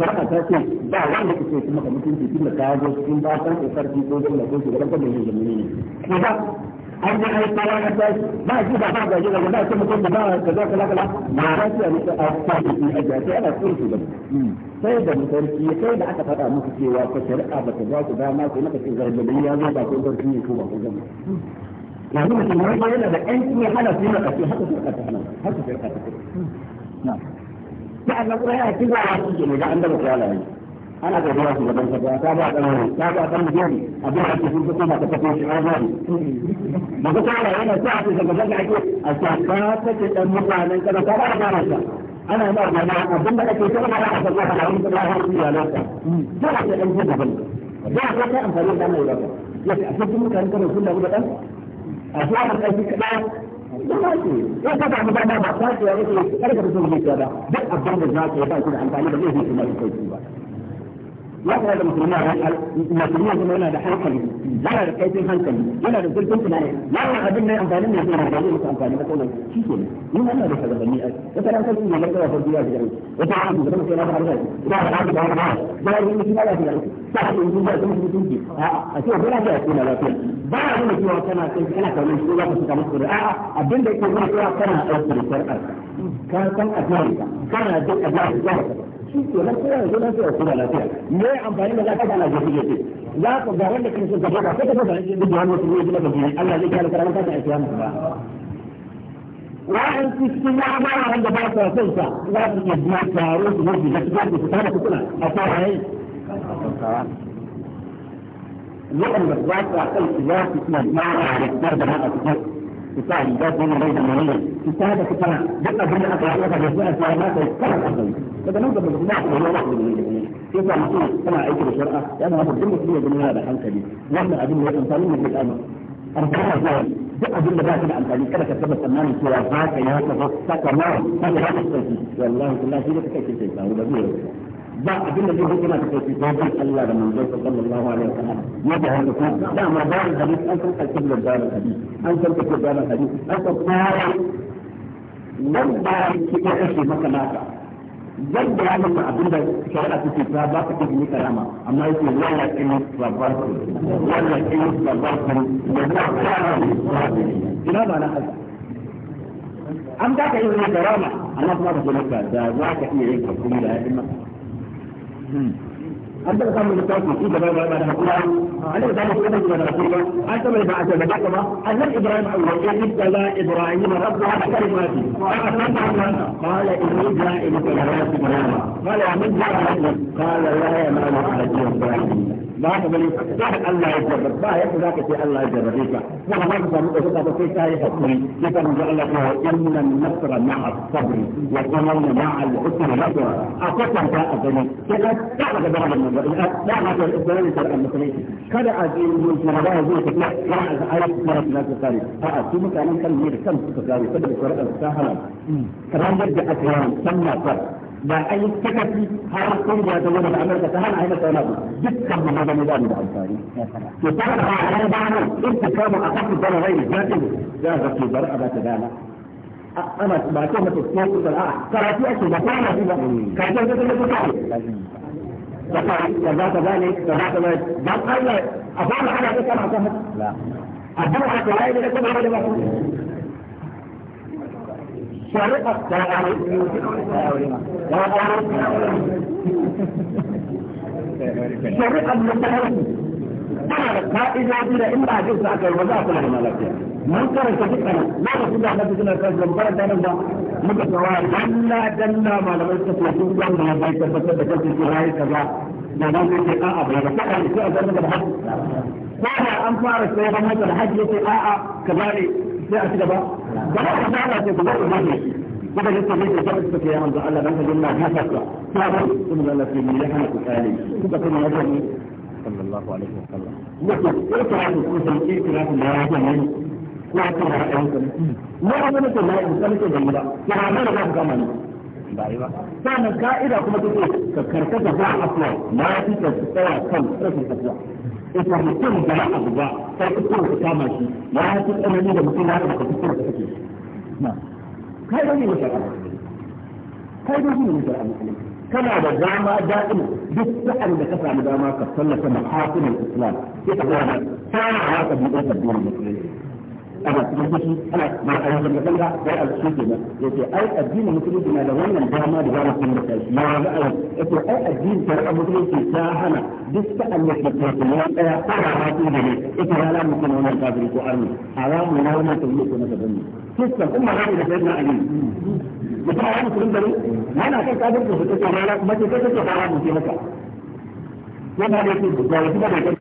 saka ta ce ba wanda kake kuma ka mutunci tun da ka cikin ba san sarki ko kuma ko shugaban kan mai zamani ne ko ba an yi ai fara na ta ba ji da ba gaje da ba ce mutum da ba ka za ka lakala ma ba ce ne a tsari ne a jaje ana tsoron shugaban sai da sarki sai da aka faɗa muku cewa ko shari'a ba ta ba ku dama ko naka ce zargabi ya zo ba ko sarki ne ko ba ko zama yanzu mutum yana da ƴanci hana su yi maka ce haka shirka ta hana haka shirka ta hana sa'annan kuma yana cikin yawa su ke ga an daba kiyala ne ana ga gaba su gaban kasa ta ba dan wani ta ba dan jeri abin da ake sun fito ma ta fito shi an zari ba ku kara yana sa su daga gaban ake a saka ta ke dan mutanen kana ta ba da kana ta ana yi ba da abin da ake tsara a saka ta da wani da ya haɗu ya lafiya dole sai dan jeri gaban ba ka ta amfani da mai ba ya ce a cikin mutanen kana sun da gudan a su aka kai kaɗan ya ka samu dama ba ta ce ya rike kada ka fito zuciya ba duk abin da za ka yi ba shi da amfani da zai yi kuma da sauki ba مثلا da musulmi a hankali musulmi kuma yana da hankali yana da kaifin hankali yana da zurfin tunani wannan abin ne amfani ne kuma ba zai masa amfani ba kawai shi ke ni wannan da kaga bani ai wata ran kalli ne ga kawo farko ya gidan wata ran da kuma sai na fara da ina da ran da ba ba ran ne kuma da gidan sai da mutum ba kuma mutum ki a a ce gura da ku na lafiya ba ran ne kuma kana sai kana kallon shi za ka shiga musu a a abin da yake gura kana aiki da sarƙa ka san a kana da a da shi ke nan kowa yanzu nan sai kuma lafiya me ya amfani da zaka kana jefi jefi za ka ga wanda kake son ka baka sai ka fara yin duk wani wasu ne da biyu Allah zai kare karamar ka ta aiki wannan ba wa'an su cikin ya amara wanda ba sa son sa za su iya biya taro su ne da su su tara kuna a kawai waɗanda ba sa son su za su suna mara da da ba a cikin تساعد الناس من بين المريض تساعد كتنا دقة في الأطراف وقد يكون الصالحات كما أفضل هذا نوجد من الناس وهو واحد من الجميع كيف المسؤول كما عيش بالشرعة لأن هذا الجملة هي جميع هذا الحلقة دي نحن أدلة أنصارين من الأمر أربعة زوال دي أدلة بقى كده أنصارين كده كتبت تمام سوافات يا سفر سكر نار ما تلاحظ والله بالله في لك كيف تلك هو بديه ba abin da zai yana da kai ba bai Allah da manzon sallallahu alaihi wasallam ya da wanda ko da ma ba da hadisi an san kake da da hadisi an san kake da da hadisi an san kowa nan ba ki ko kace maka naka yadda ya maka abin da shari'a take ta ba ka kike karama amma yake wala in sabarku wala in sabarku ya ba ka ina ba na haka an da ka yi karama amma kuma ka ce maka da za ka iya yin hakuri da ya maka an taɓa samun littafin masu gaba ba da hakura an taɓa samun littafin gaba da hakura an taɓa ba a taɓa da ba annabi ibrahim alwajin ibtala ibrahim rabbu ala kalimati fa atanta anna qala inni ja'iluka lirasi qala wa min ja'a qala la yamalu ala al-ibrahim ba ka bane za ka Allah ya jarrabe ba yadda za ka ce Allah ya jarrabe ka kuma ba ka samu ɗaukaka ba sai ka yi hakuri ya ka manzo Allah ya ce inna nasra ma'a sabri wa qamarna ma'a al-usri nasra a kwatanta a gani sai ka ta ga da wannan ba da ma ta da ne ta annabi kada a ji mun kuma ba zai ta ya ga ayi mara da ta kare a a su mutanen kan ne da kan suka gare saboda Qur'an ta halal kamar yadda aka yi sanna ba ai takasi har kun ya zama da Amurka ta hana aina sai na ku dukkan mu da mu da amfani to sai ba har ba ne in ta kama a kan da rai da ta da ga ku bar aba ta dana ana ba ta mata ko da a karatu ake ba ta na ba ka ga da ta ta kaza kaza ne kaza kaza dan Allah a fara ana ta kana ta la a duk da kai da kuma da ba شارقة شارقة
المتحرك
فإذا قيل إلا عجزت عن الوظائف لهم لك من كان صديقا لا رسول الله نبي سنة كان جنبرا دانا ما مدى سواء ألا دلنا ما لم يستطيع جنبا ما بيت فسد كنت في رأي كذا ما لم يتقاء بها فقال لسوء ذلك الحج كان أنفار السيارة مثل الحج يتقاء كذلك sai a ci gaba da haka ta ala ce ku zo ma ne kuma yake ne da suka ya manzo Allah dan ka jinna ta ta ta ba kuma Allah ce ni ya hana ku tsare kuka kuma ya ni sallallahu alaihi wasallam yake ko ta ku san ki kira ku da ya ne ko ta ra ɗan ka ne amma ne ta mai kan ke da ba ya ma da ku kama ne bai ba sannan ka'ida kuma take ka karkata ba afwa ma fi ka tsaya kan rashin tafiya ita mutum da ba abu ba sai ku kuma kama shi ya fi tsanani da mutum ya ba ku kuma ku kake kai da ne mu shaka kai da ne mu shaka kana da dama da'in duk sa'an da ka samu dama ka sallata mahasimul islam sai ka ga ta haka bi da addinin musulunci ana cikin fushi ana ba a yanzu da kanga sai a cikin kenan yace ai addinin musulunci na da wannan dama da za mu san da shi na ga ai yace ai addinin ta musulunci ta hana duk sa'an da ke kuma wani daya ko da ma ku da ne ita ya la mutum wannan kafiri ko arni haramu na wannan tauhid ko na daban ne kisan kuma ga da sayyidina ali mutum ya musulun da ne yana kan kafirci ko ta rana kuma ce ta ta haramu ce haka yana da shi
da shi da